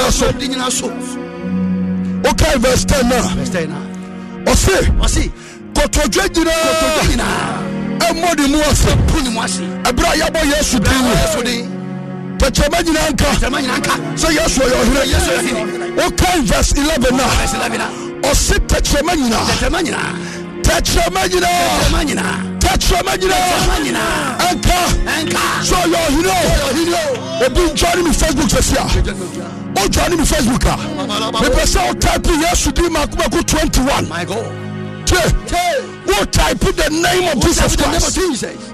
verse 10 no dit ɛberɛ a yɛbɔ yesu din tɛkyerɛma nyinaa nka sɛ yesu ɔyɛ ɔhene wokan vers 11 a ɔse tɛkyerɛma nyinaa tɛkyerɛma nyinaa tɛkyerɛma nyinaa ɛnka sɛ ɔyɛ ɔhene obi ntwane me facebook sɛsi a wodwane me facebook a mepɛ sɛ wotape yesu din maakomako 21 tie wotape the name of jesus christ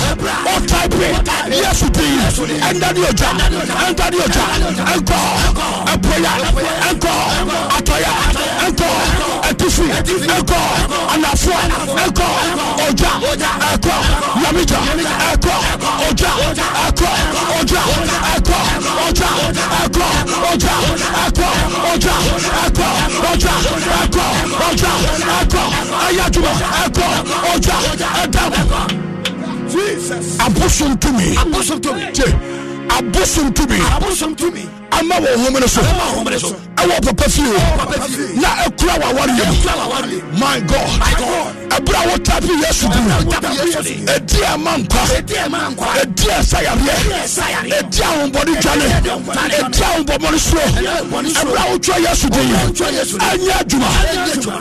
yamija, ọ̀tá ìpè yẹ́sù bí ẹ̀ńdá ní ọjà ẹ̀ńdá ní ọjà ẹ̀ńkọ́ ẹ̀pọ̀yà ẹ̀ńkọ́ àtọ̀yà ẹ̀ńkọ́ ẹ̀túfì ẹ̀ńkọ́ àlàfọ́ ẹ̀ńkọ́ ọjà ẹ̀kọ́ yàmíjà ẹ̀kọ́ ọjà ẹ̀kọ́ ọjà ẹ̀kọ́ ọjà ẹ̀kọ́ ọjà ẹ̀kọ́ ọjà ẹ̀kọ́ ọjà ẹ̀kọ́ ọjà ẹ̀kọ́ ayájúmọ̀ ẹ̀kọ́ ọjà ẹ̀dá. Jesus. Abosom to me. Abosom to me. Abosom to me. Abosom to me. ama wɔ homene so ɛwɔ papa fie na ɛkura wawareyɛ mu my god ɛberɛ a wotape yesu gu ɛdi ɛma nkwa ɛdi ɛsayareɛ ɛdi ahombɔne dwane ɛdi ahombɔmmɔne suro ɛberɛ a wotwa yesu din ɛnyɛ adwuma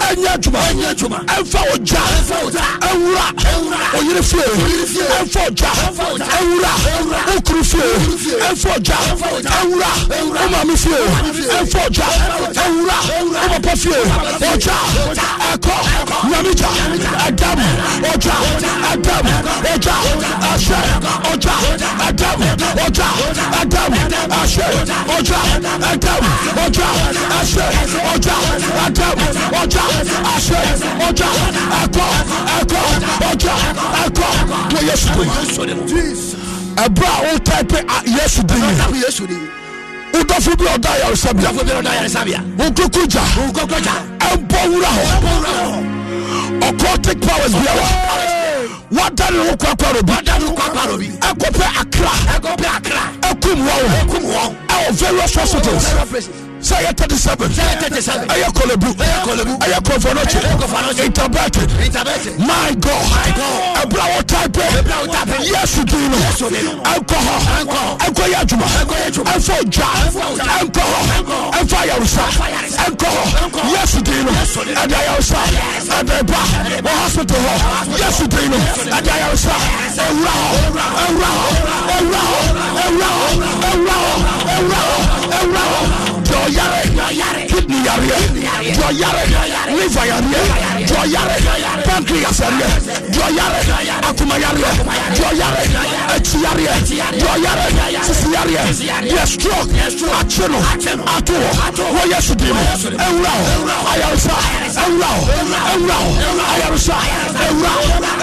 ɛnyɛ adwuma ɛmfa wo gya ɛwura oyere fie ɛmfa gya ɛwura wokuru fie ɛmfa gya ɛwura ọmọ mi fie ẹnfọ ọjà ẹwura ọmọpọ fie ọjà ẹkọ nyamija ẹdam ọjà ẹdam ọjà ẹsẹ ọjà ẹdam ọjà ẹdam ẹsẹ ọjà ẹdam ọjà ẹsẹ ọjà ẹdam ọjà ẹsẹ ọjà ẹkọ ẹkọ ọjà ẹkọ wọ Yesu din ẹbúra ó tẹ́ pé Yesu din wodɔfo bi ɔda yaresabea wokokogya ɛmpɔ wura hɔ occultic powers biawa wada ne wo kwakwarɔ bi ɛkɔpɛ akra ɛkum wɔ wo ɛwɔ various hospitals sɛ yɛ 37 you you calling calling calling for ɛyɛ kɔlɛbu ɛyɛ kɔfɔnɔkye interbetic my god My God. type type Yes Yes you do ɛbra wɔ taipɛ yesu din no ɛnkɔ hɔ ɛnkɔ yɛ adwuma ɛmfa ogya ɛnkɔ hɔ ɛmfa ayaresa hɔ yesu din no ɛde ayaresa ɛde ba hospital hɔ yesu din no ɛde ayaresa ɛwura hɔ ɛwura hɔ ɛwura hɔ ɛwura hɔ ɛwura hɔ ɛwura hɔ ɛwura hɔ deɛ ɔyare kidney yareɛ deɛ ɔyare liver yareɛ deɛ ɔyare pancreas yareɛ deɛ ɔyare akoma yareɛ deɛ ɔyare akyi yareɛ deɛ ɔyare sisi yareɛ deɛ stroke akyi no ato hɔ yesu din no ewura o ayaresa ewura o ewura o ayaresa ewura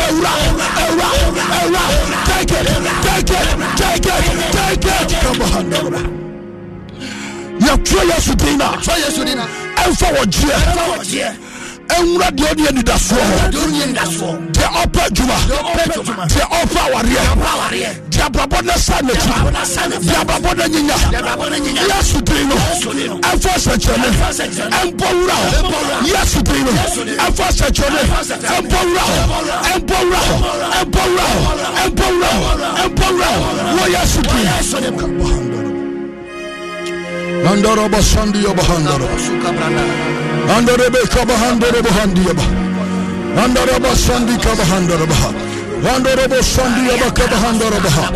ewura ewura ewura take it take it take it take it come on ewura yɛ tura yesu din na ɛnfa wɔ gyeɛ. ɛnwura deɛ ɔde anidasoɔ deɛ ɔpɛ adwuma deɛ ɔpɛ awareɛ deɛ abrabɔ no sa n'akyi deɛ abrabɔ no anyinya yesu din no ɛmfa sɛkyerɛne ɛmpɔ wura hɔ yesu din no ɛmfa sɛkyerɛne ɛmpɔ wura hɔ ɛmpɔ wura hɔ ɛmpɔ wura hɔ ɛmpɔ wura hɔ ɛmpɔ wura hɔ wɔ yesu din Andoroba Sandiaba Andorebe Kaba Handoroba Handiaba Andaraba Wandorobo Sandi Abakaba Handarabaha.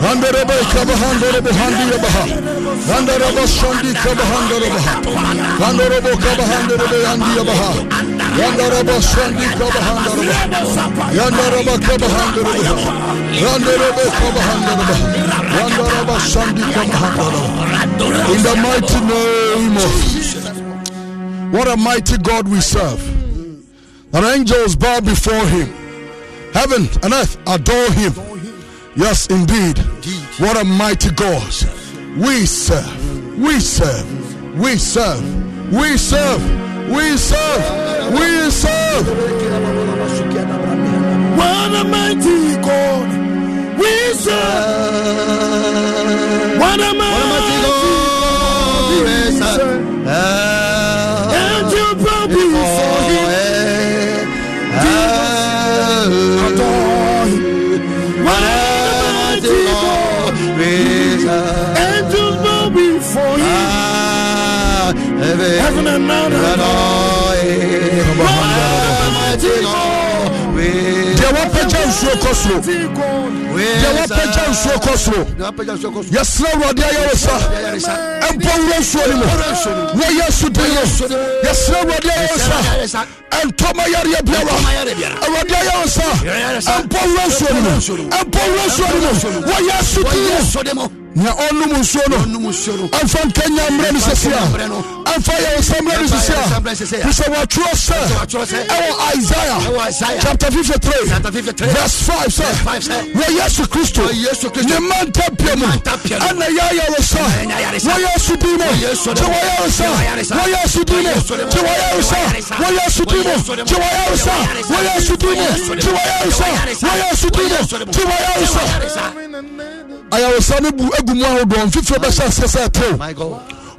Wandaraba Kabahandorobo Handi Abaha. Wandaraba Sandi Kabahandarabaha. Wandorobo Kabahandorobo Handi Abaha. Yandaraba Sandi Kabahandarabaha. Yandaraba Kabahandarabaha. Yandaraba Kabahandarabaha. Yandaraba Sandi Kabahandarabaha. In the mighty name of Jesus. What a mighty God we serve. And angels bow before him. Heaven and earth adore him. Yes, indeed. What a mighty God. We serve. We serve. We serve. We serve. We serve. We serve. What a mighty God. We serve. What a mighty nsuo kɔ soro deɛ wapagya nsuo kɔ soro yɛsrɛ awurade ayaresa ɛmpɔ wura nsuo no mu wɔ yesu din no yɛsrɛ awurade ayaresa ɛntɔma yareɛ biara awurade ayaresa ɛmpɔ wura nsuo no mu ɛmpɔ wura nsuo no mu wɔ nea ɔnom nsuo no ɛmfa nka nyammerɛ no sɛsia ɛmfa yɛwosammerɛ no sɛsia fi sɛ wɔatwerɛ sɛ ɛwɔ isaia chapter 53 verse 5 sɛ wɔ yesu kristo ne ma ntapia mu ɛna yɛayɛ wo sa wɔyɛ asu din mu gye wɔyɛ wo sa wɔyɛ asu din mu gye wɔyɛ wo sa wɔyɛ asu din mu gye wɔyɛ wo sa wɔyɛ asu din mu gye wɔyɛ wo sa wɔyɛ asu mu gye wɔyɛ wo sa ayawasa ne bu egu mu ahodoɔ nfifire bɛhyɛ ase sɛ ɛtew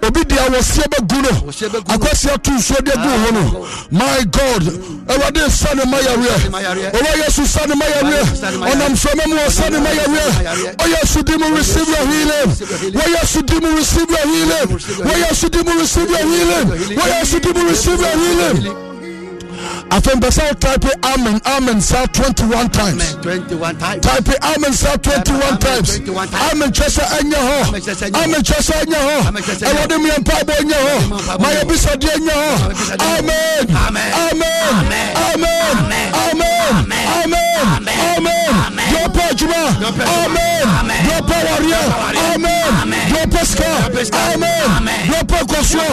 obi di awosie bɛgu no akwasia tu nsuo de gu ho no my god awurade nsa ne ma yareɛ yesu sa ne ma yareɛ mu ɔsa ne ma yareɛ yesu di mu receive your healing wɔ yesu di mu receive your healing wɔ yesu di mu receive your healing wɔ yesu di mu receive your healing afɛnpɛsɛ type amen amen say 21 times Amen. 21 times. type amen say 21 times amen kyerɛ sɛ ɛnyɛ hɔ amen kyerɛ Amen. ɛnyɛ hɔ ɛwɔde Amen. mpaabɔ ɛnyɛ hɔ Amen. yɛbisadeɛ ɛnyɛ hɔ amen amen amen amen amen amen adwuma amen yɛpɛ wareɛ amen yɛpɛ sika amen yɛpɛ nkɔsoɔ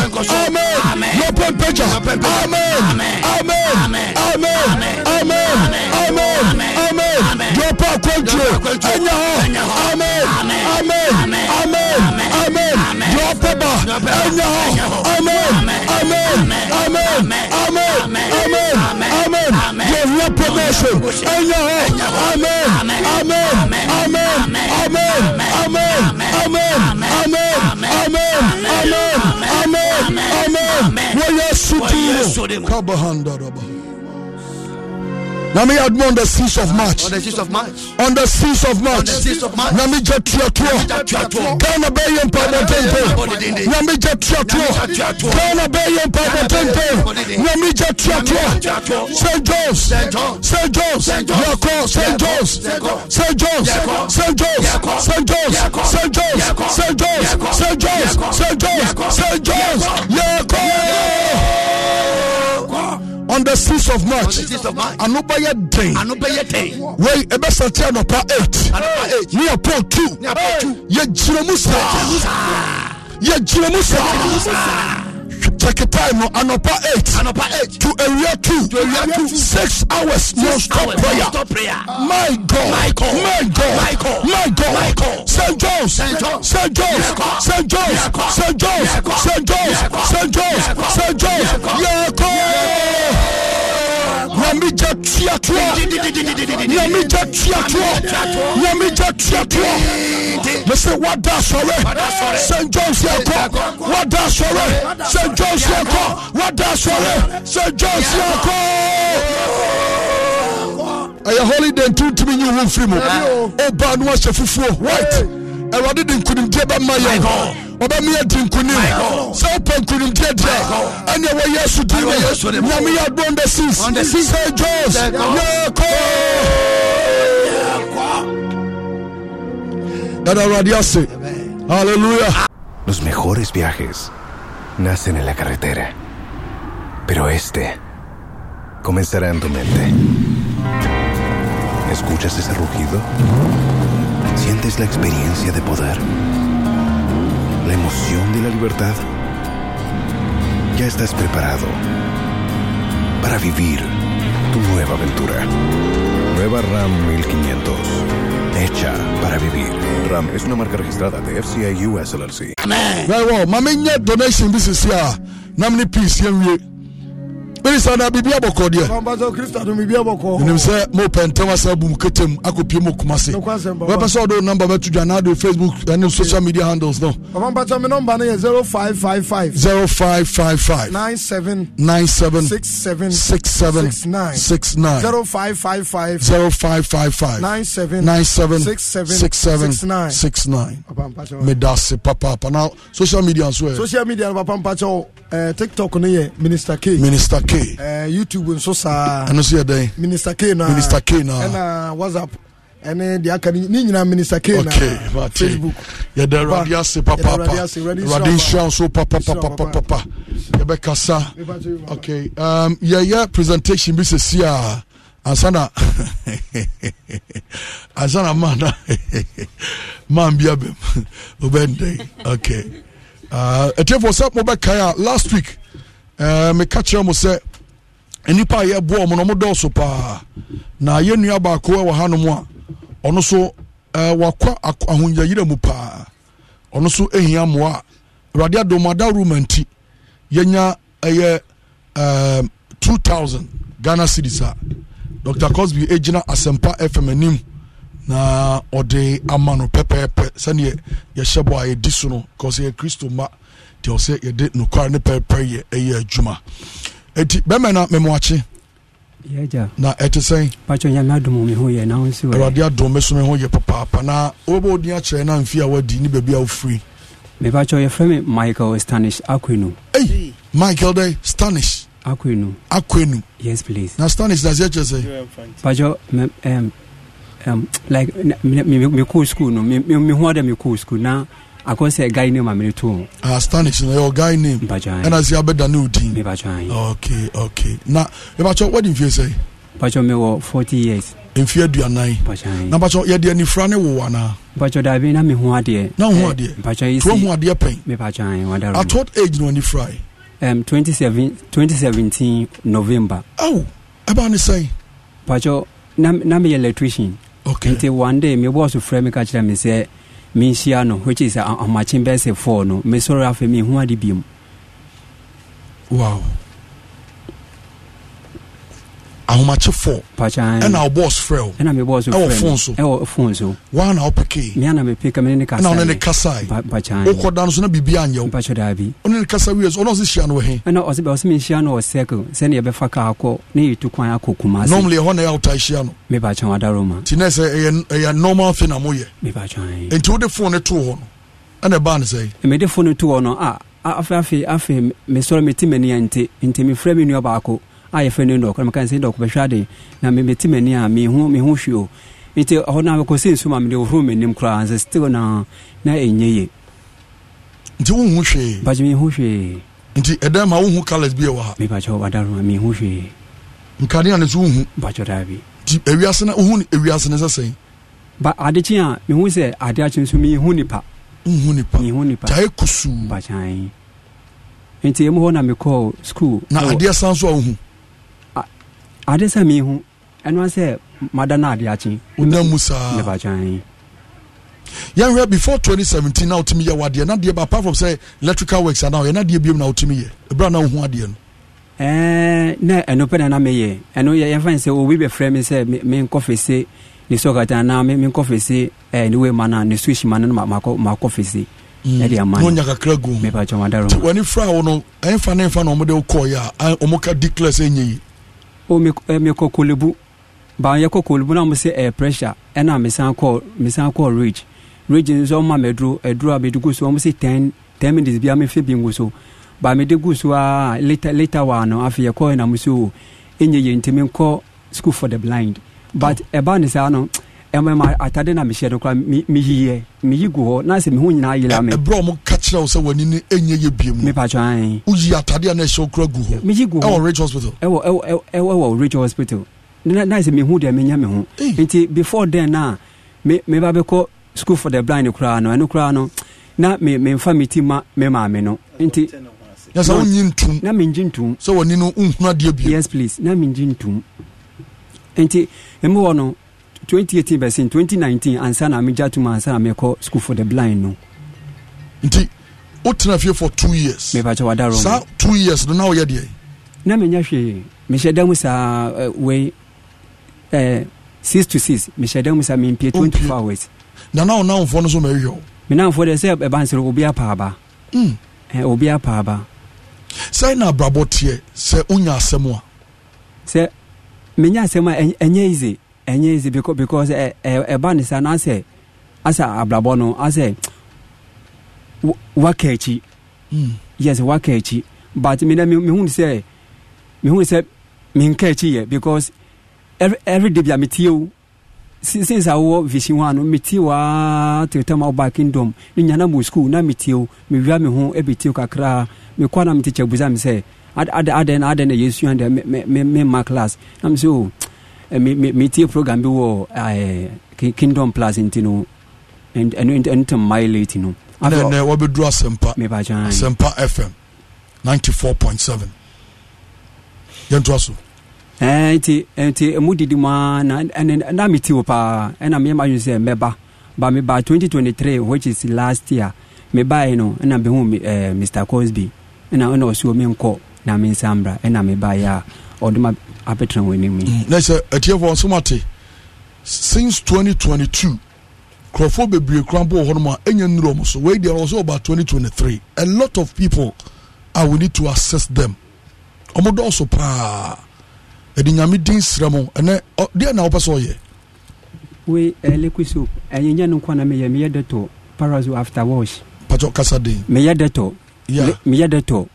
amen yɛpɛ mpagya amen amen amen amen amen amen yɛpɛ akwantuo ɛnya hɔ amen amen amen bɛba ɛnya hɔ amen amen amen amen amen amen yɛwia promotion ɛnya hɔ amen amen amen amen amen amen amen amen amen amen amen wɔyɛ sutimu kabahanda raba. Nami admo on the 6th of March. On the 6th of March. On the 6th of March. On the 6th of March. Nami je tua tua. Kana be yen pa botente. Nami je tua tua. Kana be yen pa botente. Nami je tua tua. St. John's. St. John's. Yako. St. John's. St. John's. St. John's. St. John's. St. John's. St. John's. St. John's. St. John's. St. John's. Yako on the 6th of March. Anubaya Day. Anubaya Day. Where Ebesa Tia Nopa 8. Near Paul 2. two. Ye Jiromusa. Ye Jiromusa check time no anɔpa eight anɔpa eight to area two to area two six hours no stop prayer my god my god my god my god st john's st john's st john's st john's st john's st john's st john's st john's yeko nyame gya tua toɔ nyame gya tua toɔ nyame gya tua me se wada asɔre st john se wada asɔre st john se wada asɔre st john se akɔ ɛyɛ holiday ntuntumi nyi wo mfiri mu ɔba no ahyɛ fufuo white awurade de nkunimdie bɛma yɛn ɔbɛma yɛ di nkunim sɛ wopɛ nkunimdie deɛ ɛne ɛwɔ yesu din mu nyame yɛ adɔ on the seas sɛ jos yɛkɔ dada awurade ase aleluya Los mejores viajes nacen en la carretera, pero este comenzará en tu mente. ¿Escuchas ese rugido? Sientes la experiencia de poder, la emoción de la libertad. Ya estás preparado para vivir tu nueva aventura. Nueva RAM 1500. Hecha para vivir. RAM es una marca registrada de FCI US LLC. minista na biribi abɔkɔ deɛ nim sɛ mo pɛntɛm asa bu mu ketem akɔpie mu kuma se wɛpɛ sɛ ɔde wo number bɛto dwa naade facebook ɛne social media handles no ɔmampatɛ me number no yɛ 0555 0555 97 97 67 67 69 0555 0555 97 97 67 69 meda se papaapa na social media nso ɛ social media no papa mpakyɛw eh, tiktok no yɛ minister k minister k k eh, youtube nso saa ɛno so yɛ dɛn minister k na minister k na ɛna whatsapp ɛne deɛ aka ne nyinaa minister k na facebook yɛda awurade ase papapa awurade nhyira nso papapapapapa yɛbɛkasa okay um, yɛyɛ presentation bi sɛsi a ansana ansana mana man bi abɛm wobɛndɛn okay ɛtiɛfoɔ uh, sɛ mobɛkae a last week uh, meka kyerɛ mo sɛ nipa a yɛboa ɔmo no ɔmo dɔɔso paa na yɛn nua baako wɔ hanom a ɔno so ɛɛ eh, wakɔ ahonyayira mu paa ɔno so ehia mmoa awurade adomadaru manti yɛnya ɛyɛ ɛɛ eh, two thousand ghana cedis a dr cosby egyina asempa fm anim na ɔde ama no pɛpɛɛpɛ sɛdeɛ yɛhyɛ bɔ a yɛdi so no kɔsɛ yɛ kristo ma deɛ ɔsɛ yɛde nokware ne pɛpɛɛpɛ yɛ ɛyɛ adwuma eti bɛmɛ na mɛmɔakye na ɛte sɛn awurade adom mɛso me ho yɛ papaapa na wobɛbɛ wodin akyerɛ no amfie a woadi ne baabi a wofiri mepatwɛ yɛfrɛ me michael stanish aquinu ei michael dɛ stanish aquinu aquinu yes please na stanish daseɛ kyerɛ sɛ patwɛ like mekɔɔ school no mehoa dɛ mekɔɔ school na akɔ sɛ guy name amene to ho ah, stanish no guy name ɛna sɛ abɛda ne wo din ok ok na mebakyɛ wade mfie sɛi bakyɛ mewɔ forty years mfie aduanan na bakyɛ yɛde anifra ne wo anaa bakyɛ daabi na meho adeɛ na ho adeɛ to ho adeɛ pɛn mebakyɛ at what age no ani frae um, 27, 2017 november aw ɛbaa ne sɛn bakyɛ na meyɛ electrician okay. nti one day me boss frɛ me ka kyerɛ me sɛ menhyia no which is ahomakye bɛsɛ 4 no mesɔre afei mehu ade biom wow ahomakyefoɔ ɛna wo bɔs frɛ ɛwɔ fon so woa na wopɛkeena ne kasae wokɔda no so na biribi anyɛ wo wone ne kasa wie so ɔne ɔse hyia no wɔ he normally ɛhɔ na ɛyɛ wota hyia no nti nɛ sɛ ɛyɛ normal thing a moyɛ enti wode fon no too hɔ no ɛna ɛbaa ne sɛe mede fo no too hɔ no afei afei afei mesɔre mete m'ani a nti nti mefrɛ me nua baako ayɛ fɛ ne dɔk na meka sɛ dɔk bɛhwɛ ade na mete m'ani a meho meho hwe o nti hɔ no mekɔsɛ nsu ma mede wɔhoro m'anim koraa sɛ still na na ɛnyɛ e ye nti wohu hwee bakyɛ meho hwee nti ɛdɛn ma wohu colors bi ɛwɔ ha mebakyɛ wɔbadaroma meho hwee nkanea ne so wohu bakyɛ daa bi nti awiase no wohu awiase no sɛ sɛn ba adekye a mehu sɛ ade akye nso mehu nipa nhu nipa mehu nipa gyae kusuu bakyan nti ɛmu hɔ na mekɔɔ school na adeɛ san so a wohu ade sɛ mehu ɛno sɛ mada no ade akye wonam mu saanebakyan yɛnhwɛ before 2017 na wotumi yɛ wadeɛ na deɛ ba apart from sɛ electrical works ana yɛ na deɛ biom na wotumi yɛ ɛberɛ na wohu adeɛ no na ɛno pɛ na na meyɛ ɛno yɛmfa sɛ obi bɛfrɛ me sɛ menkɔ fese ne sɔkata anaa menkɔ fese ne wei ma no ne switch ma no no makɔ fese ɛde ama nonya kakra gumepatwamadarom w'ani fra wo no ɛmfa ne mfa na ɔmode wokɔɔyɛ a ɔmo ka declare sɛ ɛnyɛ yi o mekɔ eh, kolebu ba yɛkɔ kolebu na mo sɛ ɛyɛ pressure ɛna mesan kɔ mesan kɔ rage rage nso ɔma mɛ duro ɛduro eh, a mɛ de so ɔmo sɛ ten ten minutes bi a mɛ fɛ bi ngu so ba mɛ de gu so aa later later wa ano afei yɛkɔ ɛnam so o oh, enye yɛn ntumi nkɔ school for the blind but mm. ɛba ne saa no ɛmɛ ma atade na mehyɛ do kora meyiyɛ meyi gu hɔ na sɛ meho nyinaa yera me ɛbrɛ ɔmo ka kyerɛ wo sɛ w'ani no ɛnyɛ yɛ biem no woyi atadeɛ a na ɛhyɛ wo kora gu hɔ ɛwɔ rich hospital ɛwɔ rich hospital na sɛ mehu deɛ menya me ho nti before then na meba bɛkɔ school for the blind koraa no ɛno koraa no na memfa me ti ma me maame no nti yasa wonyi ntum na mengye ntum sɛ w'ani no nhunu adeɛ bio yes please na mengye ntum nti ɛmu hɔ no 2018 bɛsen 2019 ansa na megya tuma ansa na mekɔ school for the blind no nti wotena fie for two years Sa two years no na woyɛ deɛ na menya fi. mehyɛ da mu saa uh, wei eh, six to six mehyɛ da mu saa mempie twenty four hours na na wo namfoɔ no so mahwɛ wo menamfoɔ deɛ sɛ ɛba nsere obi apaaba mm. eh, obi apaaba sɛn na abrabɔ teɛ sɛ wonya asɛm a sɛ menya asɛm a ɛnyɛ easy ɛnyɛ easy because eh, ɛba ne saa na asɛ asɛ abrabɔ no asɛ waka akyi hmm. yes waka akyi but mina mehu sɛ mehu sɛ menka akyi yɛ because every, every day bia metie o since awɔ vision ho ano metie waa tetɛm a ɔba kingdom ne nyana mu school na metie o mewia me ho ɛbɛtie kakraa mekɔ na metekyɛ busa me sɛ adɛn na adɛn na yɛsua dɛ mema class na me sɛ o metie program bi wɔ eh, kingdom plus nti no ɛno ntam milate no ne nɛ wɔbɛduru asɛmpa asɛmpa fm 94.7 yɛntoa so nti nti mu didi mu a na ɛnɛ na mi ti wo paa ɛna mi ma yi sɛ mɛba ba mi ba 2023 which is last year eh, mi ba yi no ɛna mi hu mr cosby ɛna ɛna ɔsi omi nkɔ na mi nsa mbra ɛna mi ba yi a ɔde ma apɛtɛn wɔ anim yi. ne sɛ etiefo ɔsomate since 2022 nkurɔfoɔ bebree kura bɔ hɔ nom a ɛnyɛ nnuro ɔmo so wei deɛ ɔwɔ sɛ ɔba 2023 a lot of people a we need to assess them ɔmo dɔɔso paa ɛde nyame din srɛ mo ɛnɛ deɛ na wopɛ sɛ ɔyɛ wei eh, ɛlɛkwi so ɛnyɛ eh, no nkwa na meyɛ meyɛ dɛtɔ parazo after wash patɔ kasa den meyɛ dɛtɔ meyɛ dɛtɔ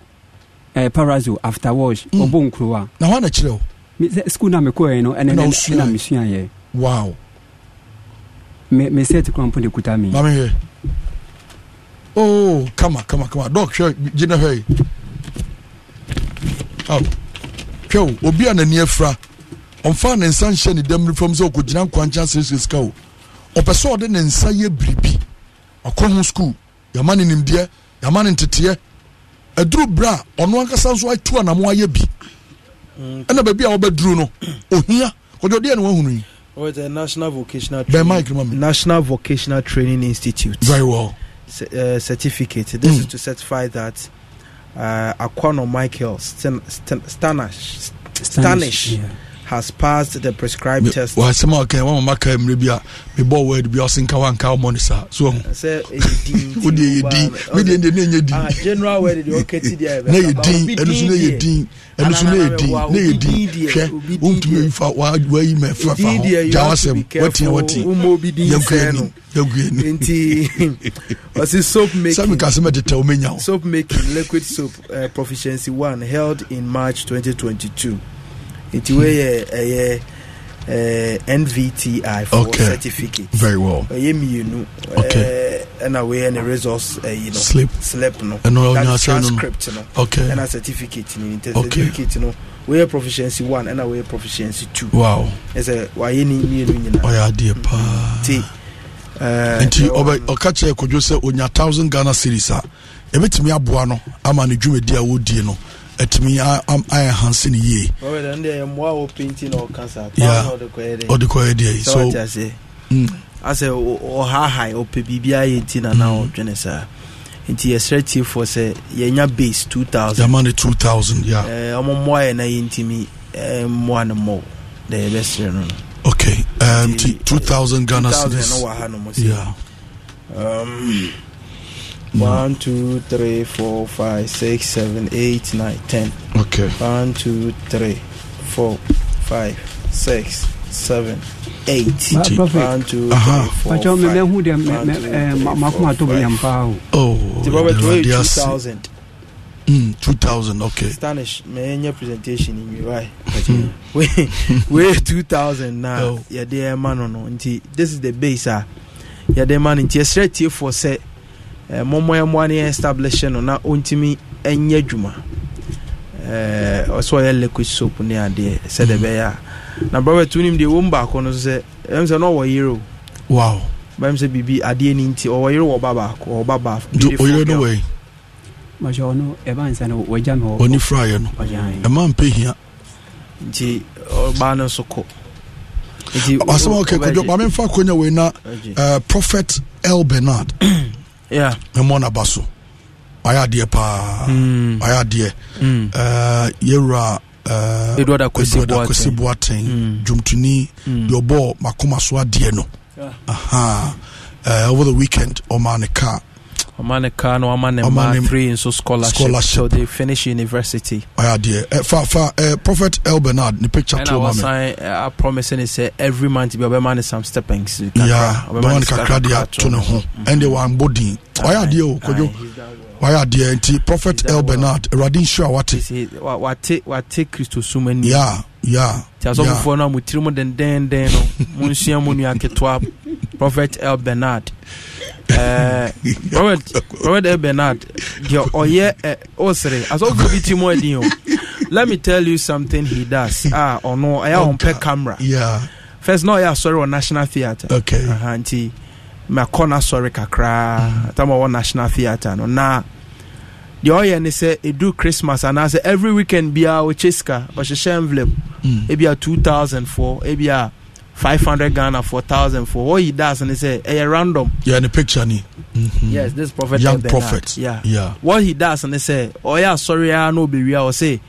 ɛɛ eh, parazo after wash ɔbɔ mm. nkuruwa na hɔ na kyerɛ o school na mekɔɛ no ɛnɛ ɛna mesuayɛ wow me set kura mpo de kuta mi. maame hwɛ ooo kama kama kama dɔk hwɛ gyina hwɛ yi aw hwɛ o obi a n'ani afira ɔnfa ne nsa nhyɛ ne dɛm fam sɛ ɔkɔgyina nkwankyɛn sɛsɛ sika o ɔpɛ sɛ ɔde ne nsa yɛ biribi ɔkɔ ho sukuu yɛma ne nimdeɛ yɛma ne nteteɛ aduru berɛ a ɔno ankasa nso atu anamo ayɛ bi ɛna baabi a wɔbɛduru no ohia kɔdɛ ɔdeɛ ne wahunu yi Or the National Vocational Training, Mike, National Vocational Training Institute. Very well. C- uh, certificate. This mm. is to certify that uh, Aquano Michael Stanish, Stanish, Stanish yeah. has passed the prescribed test. wà á sẹ́ máa kẹ́ wọ́n máa kẹ́ mìíràn bí i mi bọ́ wẹ́ẹ̀dì bí i ọ̀sìn ká wà ń ká ọmọ ní sá so ọ̀hún. ṣe èyí dín tí mo bá mi dín dín ní ẹ̀yẹ dín. general wẹ́ẹ̀dì di ọkẹ́ ti di ẹ̀rẹ́ bàbá òbí dín dín ẹ̀yẹ dín ẹnusu ne yɛ din ne yɛ din hwɛ wontumi ayi fa wa wa yi mɛ fa fa ho gya wasɛm wɔteɛ wɔte yɛnku ani yɛnku ani nti ɔsi soap making sami kasi ma tete o menya o. soap making liquid soap uh, proficiency one held in march twenty twenty two nti wei yɛ ɛyɛ nvti for okay. certificate very well ɛyɛ mmienu okay. ɛna uh, wei yɛ ne resource ɛyi Sleep. Sleep no know, slip slip no ɛna transcript no okay. ɛna certificate no nti okay. certificate no wɔyɛ proficiency one ɛna wɔyɛ proficiency two wow ɛsɛ wɔayɛ ne mmienu nyinaa ɔyɛ adeɛ mm. paa nti nti ɔka kyerɛ kodwo sɛ onya thousand ghana series a ɛbɛtumi aboa no ama ne dwumadi a wɔdie no atumi ayɛ hanse no yie ɔde kɔyɛ deɛ so asɛ ɔhahae ɔpɛ biribiaa yɛ nti nana ɔdwene saa nti yɛsrɛ tiefoɔ sɛ yɛnya base 2000yɛma no 2000 ɔmommoa yɛ na yɛntimi eh, mmoa no mmɔ dɛ yɛbɛsrɛ no no okay eh, um, 2000 ghana cedis one two three four five six seven eight nine ten. okay one two three four five six seven eight. one two three four five one two three four five. oh the prophet mm, two thousand. Mm, 2000 okay spanish mɛnyɛ presentation nwiwae wei 2000 na oh. yɛde ɛma no no nti this is the base ah. a yɛde ma no nti yɛsrɛ tiefoɔ sɛ mmɔmmoammoa eh, no yɛ establishɛ no na ɔntumi ɛnyɛ adwuma ɔsɛ eh, ɔyɛ liquid soap ne adeɛ sɛdeɛ ɛbɛyɛ a na brabɛt wonim deɛ wɔm baako no so sɛ ɛm sɛ na ɔwɔ yere wow bɛm sɛ biribi adeɛ no nti ɔwɔ yere wɔ ba baako ɔba baakoyere no wɔ ɔne fraeɛ no ɛma mpɛ hia nti ɔbaa no so kɔ asɛm a wokɛ kodwo ba memfa akonya wei na prophet el bernard memmɔ naba so ayɛ adeɛ paa mm. ayɛ adeɛ mm. eh, yɛwura eduada kwesi boaten dwomtoni deɛ ɔbɔɔ makoma so adeɛ no eh, over the weekend ɔmaa ne car ɔmane car no ɔmane ma three nso scholarship, scholarship so they finish university. ɔyadeɛ oh, ɛ eh, fa fa ɛ eh, prophet el bernard ni picture tó ma mi. ɛna wasan a promise ni sɛ every month bi ɔbɛma ni some steppings. ya ɔbɛma ni kakra de ato ne ho ɛnde wɔn bɔ din ɔyadeɛ o kojú ɔyadeɛ nti prophet el bernard awurade nsu a wate. wate wate kristo suma ni. ya ya ti asɔfofoɔ no a mo tiri mu dendenden no mo nsua mo nua ketewa prophet el bernard. Eh, robert robert e bernard deɛ ɔyɛ eh, ɔsere asɔfo bi ti mu ɛdin o let me tell you something he does a ɔno ɛyɛ ɔmpɛ camera first na ɔyɛ asɔre wɔ national theatre okay. uh -huh, nti makɔ no asɔre kakraa tam ɔwɔ national theatre no na deɛ ɔyɛ ne sɛ e ɛdu christmas anaasɛ every weekend biara ɔkyɛ sika ɔhyehyɛ envelope ebia 2004 ebia five hundred Ghana for thousand for what he does and he say a random. Yeah, in the picture ni. Mm-hmm. Yes, this prophet. Young prophet. Yeah. yeah. What he does and he say, oh yeah, sorry, I know be real. Or say,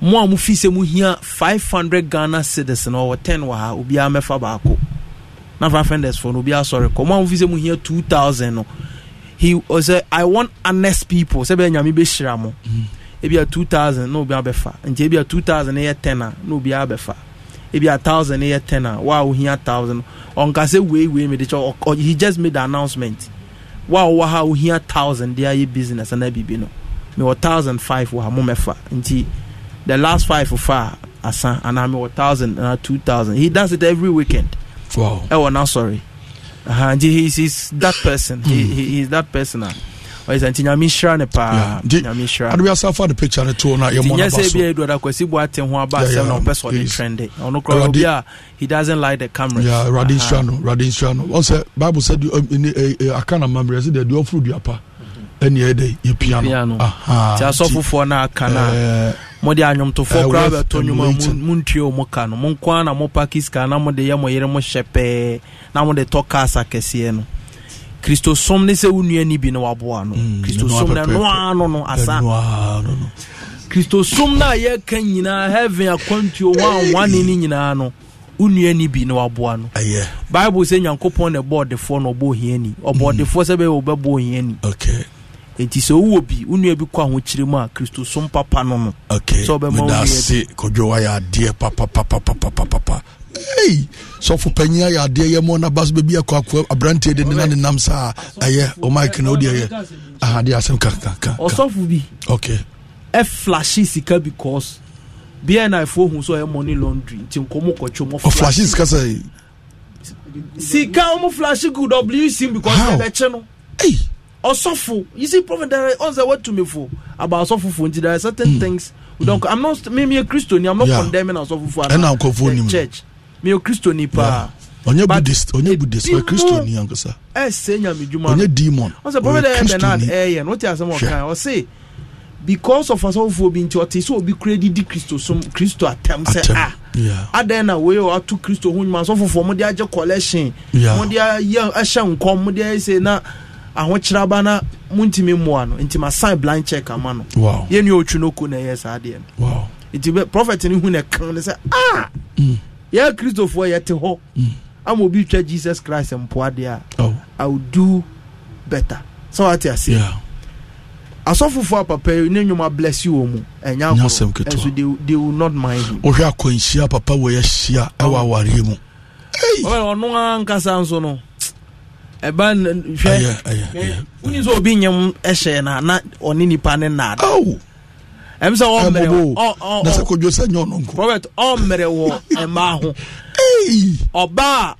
mo amu fi se mu hia five hundred Ghana citizen or ten wɔ ha obi a mɛfa baako na five hundred for no obi sorry. Come mo a mo fi se mo hia two thousand no he ɔsɛ oh, I want honest people sɛ bɛ nyame bɛ hyira mo mm-hmm. ebi a two thousand na obi abɛfa nti ebi a two thousand yɛ ten no na obi abɛfa ebi a thousand yɛ ten a wa ohia thousand ɔnkasɛ wei wei mi de kyɛ ɔ he just made the announcement wa ɔwɔ ha ohia thousand de ayɛ business ana bibi no mi wɔ thousand five wɔ ha mo mɛfa nti the last five fa asa ana mi wɔ thousand ana two thousand he does it every weekend. wow ɛwɔ na sɔre nti he is that person he, he is that person. Uh, ɔyɛ nti nyame hyira ne paa nyame hyira ade wiase fa de picture ne to na yɛmmɔ na ba so nyɛ sɛ bia eduada kwasi bu ate ho aba asɛm na ɔpɛ sɛ ɔde trende ɔno kora a he doesn't like the cameras yeah radin hyira no radin hyira no ɔsɛ eh, bible sɛ aka na mammerɛ sɛ deɛ deɛ ɔforo duapa ɛne ɛdɛ yɛpia no nti asɔfofoɔ no aka no mode anwomtofoɔ koraa bɛtɔ nnwuma montie o mo ka no monko a na mopaki sika na mode yɛ mo yere mo hyɛ pɛɛ na mode tɔ cars akɛseɛ no kristosom ne sɛ wo nuani bi na waboa no mm, kristosom na ɛnoa no no asa kristosom no a yɛka nyinaa heaven akwantuo ho anwane no nyinaa no wo nuani bi na waboa no bible sɛ nyankopɔn na ɛbɔ ɔdefoɔ na ɔbɔ ohiani mm. sɛ bɛyɛ ohiani nti sɛ wowɔ bi wo nua bi kɔ ahokyerɛ mu a kristosom papa no no sɛ wobɛma hey sɔfo panyin ayɛ adeɛ yɛ mɔ na bas baabi akɔ akɔ aberanteɛ de ne na ne nam saa ɛyɛ o mic na wode ɛyɛ ahade asɛm kakaka ɔsɔfo bi okay ɛflashe sika because bia na ɛfo so ɔyɛ money laundry nti nkɔmɔ kɔtwe mɔ flashe sika sɛ sika ɔmo flashe good wc because ɛbɛkye no hey ɔsɔfo you see prophet dara ɔnza what to me for about ɔsɔfo for nti there are certain mm. things we don't mm. i'm not me me a christian i'm not yeah. condemning ɔsɔfo for ana ɛna nkɔfo nim church meyɛ kristoni oh, paa ɔnyɛ buddhist ɔnyɛ buddhist ɔyɛ kristoni ankasa ɛsɛ eh, nyame dwuma ɔnyɛ demon ɔsɛ prɔfɛt ɛyɛ bernard ɛyɛ no wote asɛm ɔka ɔse because of asɔfofoɔ bi nti ɔte sɛ obi kura didi kristo som kristo atam sɛ a adɛn na wei atu kristo ho nwuma asɔfofoɔ mode agye collection mode ayɛ ɛhyɛ nkɔm mode ayɛ sɛ na ahokyeraba na montumi mmoa no nti masan blind check ama no yɛnua ɔtwi no ko na ɛyɛ saa deɛ no nti prophet no hu ne kan no sɛ a yɛ kristofoɔ yɛte hɔ hmm. ama obi twa jesus christ mpoadeɛ a oh. i will do better sɛ wate aseɛ yeah. asɔfofoɔ a papa yi ne nnwuma bless wɔ mu ɛnya nkɔ they, will not mind him. wohwɛ akwanhyia papa wɔ yɛhyia ɛwɔ oh. awareɛ mu ɔno ankasa nso no ɛba hwɛ woni sɛ obi nyɛm ɛhyɛ na na ɔne nipa ne naada oh! ɛm sɛ ɔmmerɛ na sɛ kɔdwo sɛ nyɛ ɔno nko prophet ɔmmerɛ wɔ ɛmaa ho ɔba a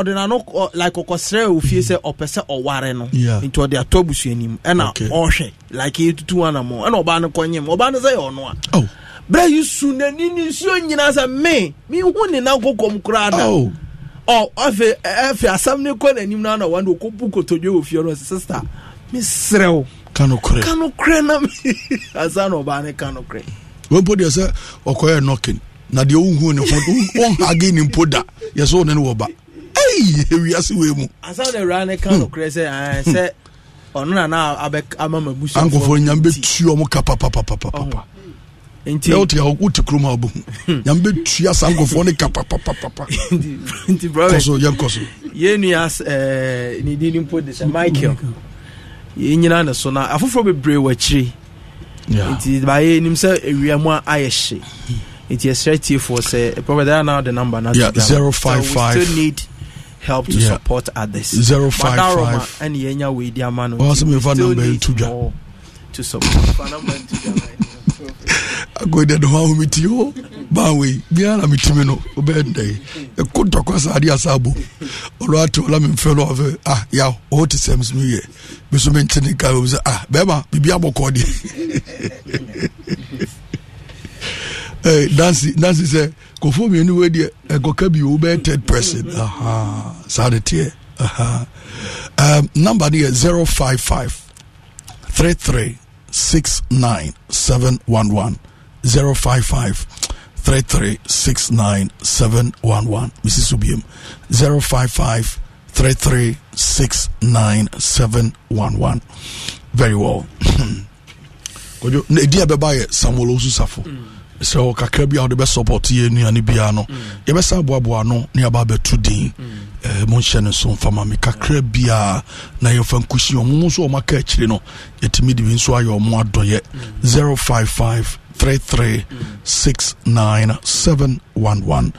ɔde oh. nano like ɔkɔsrɛ ofie sɛ ɔpɛ sɛ ɔware no nti ɔde atɔ abusuanim ɛna ɔhwɛ like yɛtutu wanamɔ ɛna ɔbaa no kɔnyem ɔbaa no sɛ yɛ ɔno a berɛ yi su n'ani ne nsuo nyinaa sɛ me mehu ne na nkokɔm koraa da oh. afei e e asɛm ne kɔ n'anim no ana wane ɔkɔbu kotodwe wɔ fie no sɛ sister meserɛ wo kanokorɛ kanokorɛ na asa na ɔbaa ne kanokorɛ wempo deɛ sɛ ɔkɔyɛ nɔkin na deɛ wohu ne ho ɔnhage ne mpo da yɛ sɛ wone ne wɔba ei ewiase wei mu asa na awura ne kanokorɛ sɛ sɛ ɔno na na ama ma busu ankɔfoɔ nyame bɛtua ɔmo ka papapapapapa nti wote a wote kurom a wobɛhu nyame bɛtua saa nkɔfoɔ ne ka papapapapa nti brɔbɛ yɛnkɔ so yɛnnua ne din mpo de sɛ michael yɛn nyinaa ne so na afoforɔ bebree wɔ akyire nti baayɛ nim sɛ awia mu a ayɛ hye nti yɛsrɛ tiefoɔ sɛ prophet ɛyɛ now the number na zero five so five we still need help to yeah. support others zero five five ɛne yɛnya wei di ama no ɔsɛ mefa number yɛ to to agoda ne ho ahometi o bawei biara na metumi no wobɛndɛ ɛko e tɔkɔ saade asa bo ɔno ate ɔla memfɛ no ɔfɛ ah ya ɔho te sɛm so meyɛ me so mente ne ka sɛ ah bɛma biribi abɔkɔ deɛ nansi nansi sɛ kɔfoɔ mmienu wei deɛ ɛkɔka bi eh, wobɛyɛ e, e third person saa ne teɛ number no yɛ 055 33 Six six nine nine seven one one, zero five five, three three 3369711 055 3369711 Mrs. seven one one. Very well. Kojo na edi abeba ye Samuel Osusafo. Mm. Sɛ ɔkakra bi a ɔde bɛ support yɛ bi biara no mm. yɛbɛsa aboaboa no ne yɛba abɛto din mm. Eh, monhyɛ no so mfama me kakra biaa na yɛfa nkosi ɔmo nso ɔmo aka akyire no yɛtumi de bi nso ayɛ ɔmo adɔyɛ 055 33 69 711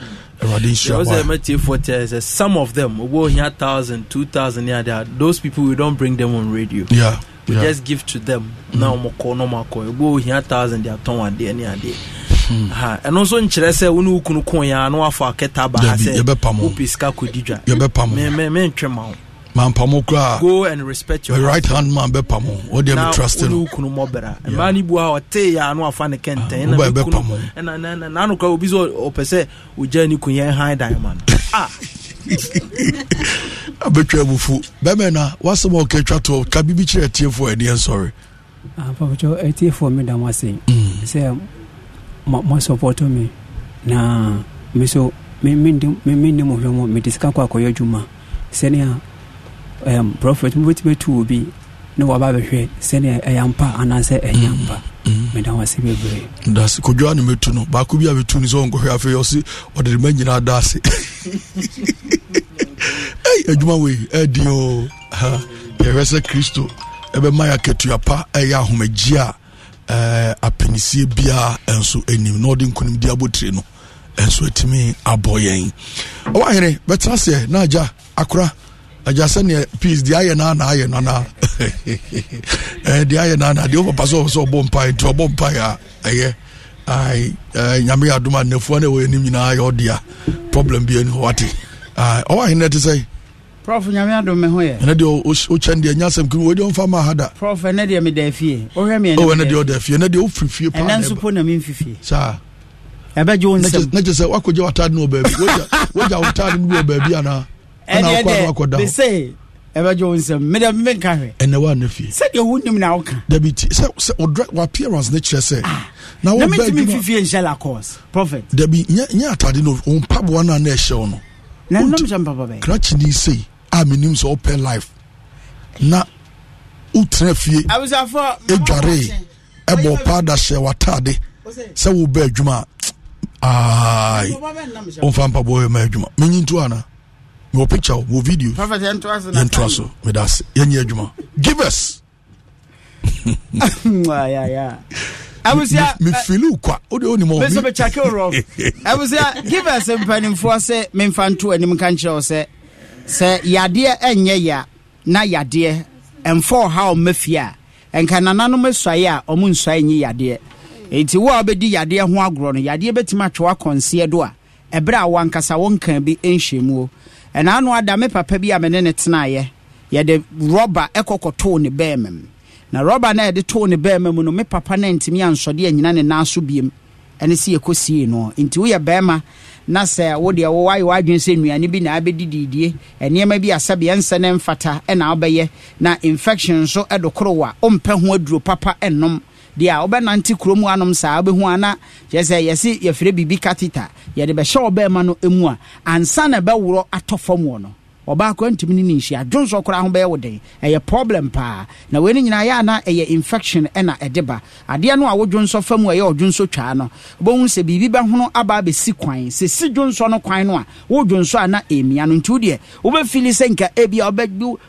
some of them over here yeah there those people we don't bring them on radio yeah we yeah. just give to them now mm. here they are one Hmm. ɛno nso nkyerɛ sɛ wo ne wo kunu ko yɛa na woafɔ akɛta baa sɛ wopi sika kɔdi dwa mentwe ma wo mampamo koraaright hand man bɛpamo wode trust a na wafa ne kɛntɛn ah, nanokora obi sɛ ɔpɛ sɛ ogya ne ku yɛn han dan ma ah! no abɛtwa abufu bɛmɛ na woasɛm a ɔka twa toɔ ka biribi kyerɛ atiefoɔ ɛdeɛ nsɔre ah, atiefoɔ meda mo support me na me so me me nne mo hwɛ mo mede sika kɔ akɔyɛ adwuma sɛnea um, prophet mobɛtumi tu obi na waba bɛhwɛ sɛnea ɛyɛ mpa anaasɛ ɛnyɛ mm-hmm. mpa mm-hmm. meda wase bebree dase kodwa ne mɛtu no baako bi a bɛtu no sɛ ɔnkɔhwɛ afei ɔse ɔde de ma nyinaa da ase ei adwuma wei ɛdi o yɛhwɛ sɛ kristo ɛbɛma yɛ ɛyɛ ahomagye a Eh, apanisie biara nso anim na ɔde nkonimdi abotire no ɛnso atumi abɔ yɛn ɔwɔ ahene bɛtena seɛ na agya akora agya sɛneɛ peace deɛ ayɛ no ana ayɛ no anaa eh, deɛ ayɛ no ana deɛ wopapa sɛ sɛ ɔbɔ mpae nti ɔbɔ mpae a ɛyɛ eh, ai nyame yɛ adom a nnafuɔ no ɛwɔ yɛnim nyinaa yɛ ɔdea problem bi ani hɔ ate ɔwɔ ahene te sɛ prof nyame adome ho yɛ ɛne deɛ wokyɛn deɛ ɛnya asɛm kumi wɔdeɛ womfa ma ha da prof ɛne deɛ meda fie wohwɛ me ɛne deɛ woda fie ɛne deɛ wofiri fie paa ɛnɛ nso po na memfi saa ɛbɛgye wo nsɛm na kyɛ sɛ woakɔgye watade no wɔ baabi wogya wotade no bi wɔ baabi anaa ɛna wokɔ no wakɔda hɔ ɛbɛgye wo nsɛm mede menka hwɛ ɛnɛ wo ana fie sɛdeɛ wonim na woka dabi ti sɛ sɛ wodra wappearance ne kyerɛ sɛ ah. na wobɛdwuma mfifie nhyɛ la course prophet dabi nyɛ atade no wo mpaboa no a na ɛhyɛ wo no krakye ne sei a menim sɛ wopɛ life na wotena fie ɛdware ɛbɔ paada hyɛ watade sɛ wobɛ adwuma a womfa mpabɔ juma. adwuma menyi nto ana mewɔ picture wo video yɛntoa so meda se yɛnyɛ juma. give us mefili eh, kwa wode wonimɛsɛ bɛkyake worɔ abusua give us mpanimfoɔ sɛ memfa nto anim ka nkyerɛ wo sɛ sɛ yadeɛ ɛnyɛ ya na yadeɛ ɛmfa ɔha ɔmma fie a ɛnka nananom asuae a ɔmo nsuae nyi yadeɛ enti wo a ɔbɛdi yadeɛ ho agorɔ no yadeɛ bɛtumi atwe wakɔnseɛ do a ɛberɛ a wankasa wɔnka bi ɛnhyɛmuo ɛnaa no ada me papa bi a mene ne tenaeɛ yɛde rɔba ɛkɔkɔ ɛkɔkɔtoo ne bɛɛma mu na rɔba no yɛde too ne bɛɛma mu no me papa no antumi ansɔde anyina ne naa so biam ɛne sɛ yɛkɔsie no nti woyɛ bɛɛma na sɛ wo deɛ wo wayɛ w'adwene sɛ nnuane bi na abɛdididie nneɛma bi asɛbeɛ nsɛ ne mfata ɛna wobɛyɛ na infection nso ɛdo koro wa wompɛ ho aduro papa ɛnom deɛ a wobɛnante kurom anom saa wobɛhu ana kyerɛ sɛ yɛse yɛfrɛ biribi katita yɛde bɛhyɛ wɔ bɛɛma no mu a ansa na ɛbɛworɔ atɔ fam wɔ no ɔbaako ntumi ne ne nhyia dwonso koraa ho bɛyɛ wo ɛyɛ problem paa na wei no nyinaa yɛ ana ɛyɛ infection ɛna ɛde ba adeɛ no a wodwonso fa mu ɛyɛ ɔdwonso twaa no wobɛhu sɛ biribi bɛhono aba abɛsi kwan sɛ si dwonso no kwan no a wodwonso a na ɛmia no nti wo deɛ wobɛfili sɛ nka ebia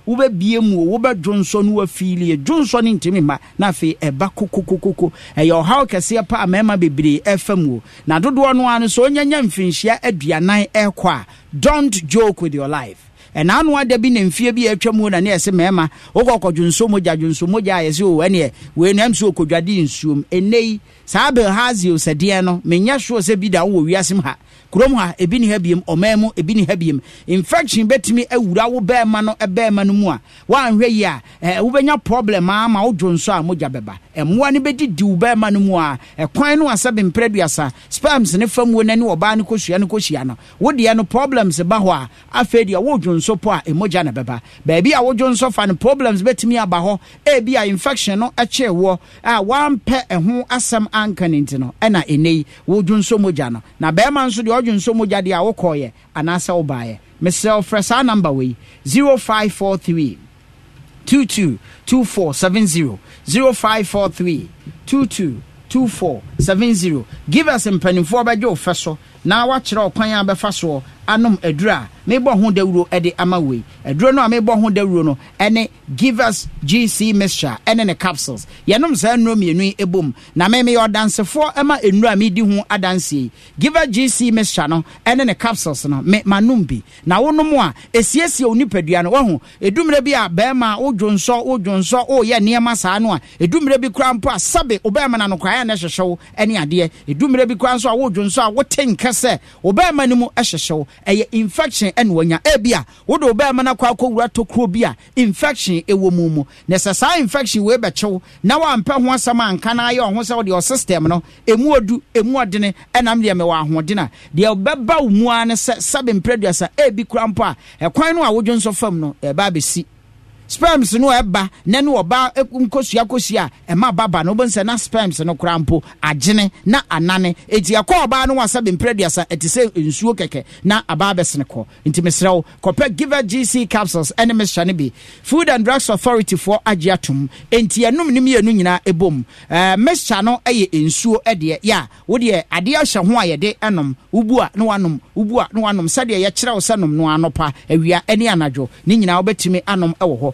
wobɛbie mu wobɛdwonso no wafiilie dwonso no ntumi mma na afei ɛba kokokokoko ɛyɛ ɔhaw kɛseɛ paa mmarima bebree ɛfa mu na dodoɔ no a no sɛ ɔnyanya mfirinhyia aduanan ɛrekɔ a don't joke with your life ɛna ano ada bi na mfie bi atwa mu na ne yɛsɛ mɛɛma wokɔkɔ dwonso mogya dwonso mogya a yɛsɛ o oh, ɛneɛ sɛ okɔdwade nsuom ɛnɛ saa belhazio sɛdeɛ no menyɛ soɔ sɛ bi da wowɔ wiasem ha kurom ha ebi ni ha biem ɔman mu ebi ni ha biem infection betumi awura wo bɛrima no eh, bɛrima no mu a wɔanhwɛ yi a ɛɛ eh, wobɛnya problem ama wodwo nso a mogya bɛba ɛmmoa no bɛdidi wo bɛrima no mu a ɛkwan eh, no asɛbe mpere duasa sperms ne fam wo n'ani ɔbaa no kosua no kosua no wo deɛ no problems ba hɔ a afei deɛ wodwo nso po a ɛmogya na bɛba baabi a wodwo nso fa no problems bɛtumi aba hɔ ebi a infection no ɛkyee woɔ a wampɛ ɛho asɛm anka no ɛna ɛnɛ yi wodwo nso mogya no na bɛrima nso deɛ wɔdwonso mogya deɛ a wokɔɔyɛ anaasɛ wobaeɛ mesrɛ frɛ saa namba wei 0543 222470 0543 222470 give us mpanimfoɔ bɛgye wo fɛ so na woakyerɛ ɔkwan a bɛfa soɔ anom aduro a mebɔ ho dawuro de ama wei aduro no a mebɔ ho dawuro no ɛne givers gc mixture ɛne ne capsules yɛnom saa nnuro mmienu yi bom na me meyɛ ɔdansefoɔ ma nnuro a medi ho adanseɛ yi givers gc mixture no ɛne ne capsules no me manom bi na wonom a ɛsiesie wo nipadua no wahu ɛdummerɛ bi a bɛrima wodwonsɔ nsɔ woyɛ nneɛma saa no a ɛdummerɛ bi koraa mpo a sɛbe wobɛrima na nokwaeɛ a na ɛhyehyɛ wo ne adeɛ ɛdummerɛ bi koraa nso a wodwonsɔ a wote nkɛ sɛ wobɛrima no mu hyehyɛ wo ɛyɛ infection ɛna wɔnya ebi a wode wo bɛrima no akɔwura tokuro bi a infection ɛwɔ mu mu na sɛ saa infection wei bɛkyew na woampɛ ho asɛm anka no ayɛ ɔho sɛ wode ɔsystem no ɛmu ɔdu ɛmu ɔdene ɛnam deɛ mewɔ ahoɔden a deɛ ɔbɛba wo mu ara ne sɛ sɛbe mprɛduasa ɛbi kora mpo a ɛkwan no a wodwo nso fam no ɛba bɛsi sperms no ɛba na ne ɔba nkosua kosua ɛma baba no wobɛhu sɛ na sperms no koraa mpo agyene na anane enti ɛkɔ ɔbaa no wasa bemprɛduasa ɛte sɛ nsuo kɛkɛ na abaa bɛsene kɔ nti mesrɛ kɔpɛ giver gc capsules ɛne mehyɛ no bi food and drugs authority foɔ agye atom enti ɛnom ne mmienu nyinaa ɛbom mehyɛ no ɛyɛ nsuo ɛdeɛ yɛ a wodeɛ adeɛ ahyɛ ho a yɛde ɛnom wobu a na wanom wobu a na wanom sɛdeɛ yɛkyerɛ wo no anopa awia ne anadwo ne nyinaa wobɛtumi anom ɛwɔ hɔ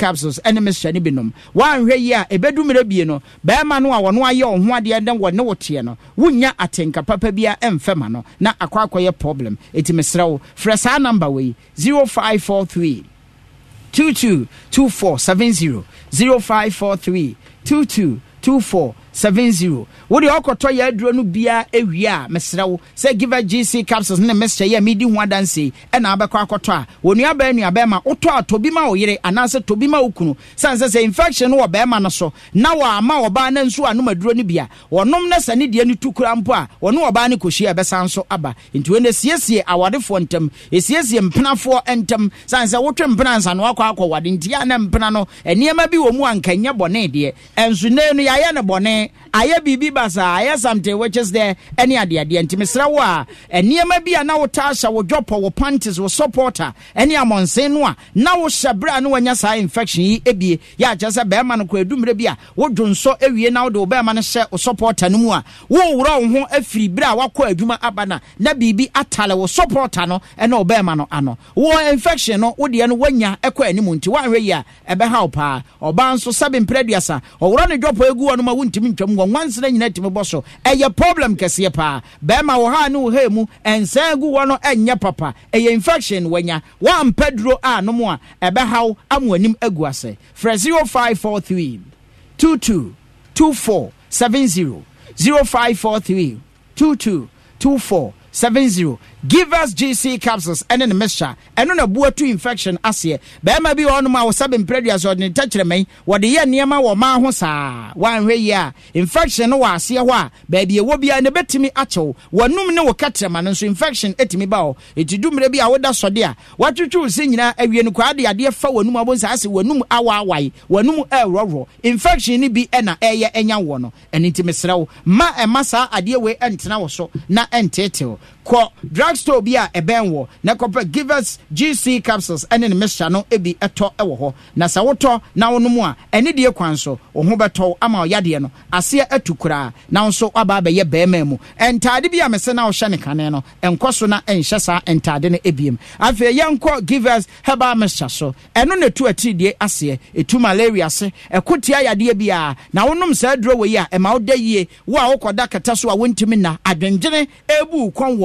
capsules ɛne mehyɛ no binom woanhwɛ yi a ɛbɛdumere bie no bɛrima no a wɔno ayɛ ɔho adeɛ dɛ wɔne wo teɛ no wonya atenka papa bia ɛmfɛ ma no na akɔ akɔyɛ problem ɛti mesrɛ wo frɛ saa namba wei 0543 222470 0543 2224 seven zero wode ɔkɔtɔ yɛ aduro no biara ewie a sɛ giver gc capsules ne mesrɛ yɛ midi ho adanse ɛna abɛkɔ akɔtɔ a wɔn nuabɛn nuabɛma wotɔ a tobi ma wo yere anaasɛ tobi ma wo kunu sɛ infection no wɔ bɛrima no so na wɔama ɔbaa no nso anom aduro no bia wɔnom na sɛ deɛ no tu kura mpo a wɔne ɔbaa no kɔhyia ɛbɛsan so aba nti wɔn esiesie awadefoɔ ntɛm esiesie mpenafoɔ ntɛm san sɛ wotwe mpena nsa no wakɔ akɔ wade ntia ne mpena no nneɛma bi wɔ mu a nkanyɛ bɔne deɛ ɛnso ne no yɛayɛ ne bɔne bɔne ayɛ biribi ba saa ayɛ something which is there ɛne adeadeɛ nti mesrɛ wo a nneɛma bi a na wotaa hyɛ wo dwɔpɔ wo panties wo supporter ɛne amɔnsen no a na wohyɛ berɛ a na wanya saa infection yi ebie yɛ akyerɛ sɛ bɛrima no kɔ adummerɛ bi a wodwo nsɔ awie na wode wo bɛrima no hyɛ wo supporter no mu a woworɔ wo ho afiri berɛ a wakɔ adwuma aba no na biribi atale wo supporter no ɛne wo bɛrima no ano wo infection no wodeɛ no woanya ɛkɔ anim nti woanhwɛ yi a ɛbɛha wo paa ɔbaa nso sɛbe mprɛ aduasa ɔworɔ ne dwɔpɔ agu hɔ no ma wontimi ntwam wɔn nwansi na nyina tumi bɔ so ɛyɛ problem kɛseɛ paa bɛrima wɔ ha ne wɔ ha mu nsa egu hɔ no ɛnyɛ papa ɛyɛ infection wɔnya wɔampɛ duro a nom a ɛbɛhaw ama wɔn agu ase frɛ zero five four three two two two four seven zero zero five four three two two two four seven zero give us gc capsules ɛne ne mixture ɛno na bua tu infection aseɛ bɛrima bi wɔ ɔnom a wɔsa bemprɛdua so ɔde ne tɛkyerɛmɛn wɔde yɛ nneɛma wɔ ɔmaa ho saa woanhwɛ yi a infection no wɔ aseɛ hɔ a baabi ɛwɔ biara ne bɛtumi akyɛw wɔnum ne wo katrɛma no nso infection ɛtumi ba hɔ ɛti dummerɛ bi a woda sɔde a woatwitwiw se nyinaa awie no koraa de adeɛ fa w'anum abɔ nsa ase w'anum awaawae w'anum ɛɛworɔworɔ infection no bi ɛna ɛyɛ ɛnya wɔ no ɛno nti mesrɛ wo ma ɛma saa adeɛ wei ɛntena wɔ so na ɛnteetew kɔ drugstore bi a ɛbɛn wɔ na kɔpɛ givers gc capsules ɛne ne mixture no bi ɛtɔ ɛwɔ hɔ na sɛ wotɔ na wonom a ɛne deɛ kwan so wo ho bɛtɔ ama ɔyadeɛ no aseɛ atu koraa na nso waba abɛyɛ bɛrima mu ntaade bi a mese na wohyɛ ne kane no ɛnkɔ so na ɛnhyɛ saa ntaade no ebiem afei give us herbal mixture so ɛno na ɛtu atiridie aseɛ ɛtu malaria se ɛko tia yadeɛ bi a na wonom saa aduro wɔ yi a ɛma woda yie wo a wokɔda kɛtɛ so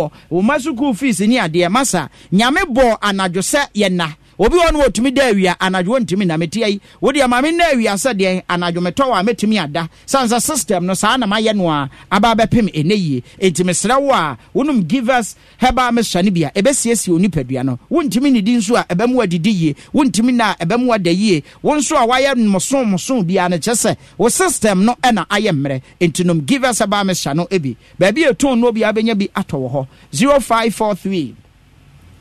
wɔ wɔma sukuu fees ne adeɛ masa nyame bɔɔ anadwo sɛ yɛna obi wɔ no wɔtumi da awia anadwo wɔntumi na metea yi wode ama me nna awia sɛ deɛn anadwo metɔ wɔ a mɛtumi ada sane sɛ system no saa na mayɛ no a aba bɛpem ɛnɛ yie enti mesrɛ wo a wonom givers hɛbaa mesra no bi a ɛbɛsiesie wo nipadua no wontumi nidi nso a ɛbɛmu adidi yie wontumi na a ɛbɛmu ada yie wo nso a woayɛ mosommosom biara no kyerɛ sɛ wo system no ɛna ayɛ mmerɛ enti nom givers hɛbaa mesra no bi baabi ɛtɔn no obiara bɛnya bi atɔ wɔ hɔ 0543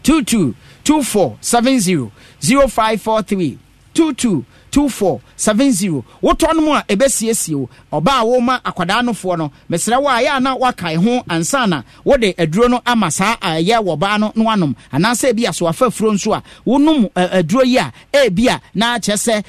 22 Two four seven zero zero five four three. 0543 two two two four seven zero wotɔ no mu a ɛbɛsiesie o ɔbaa wɔma akwadaa nofoɔ no mesrɛ wo a yɛ a na woaka ho ansa na wode aduro no ama saa ɛyɛ wɔ baa no no anom anaasɛ ebi asoafa furo nso a wonom aduro yi a ebi a na kyerɛ sɛ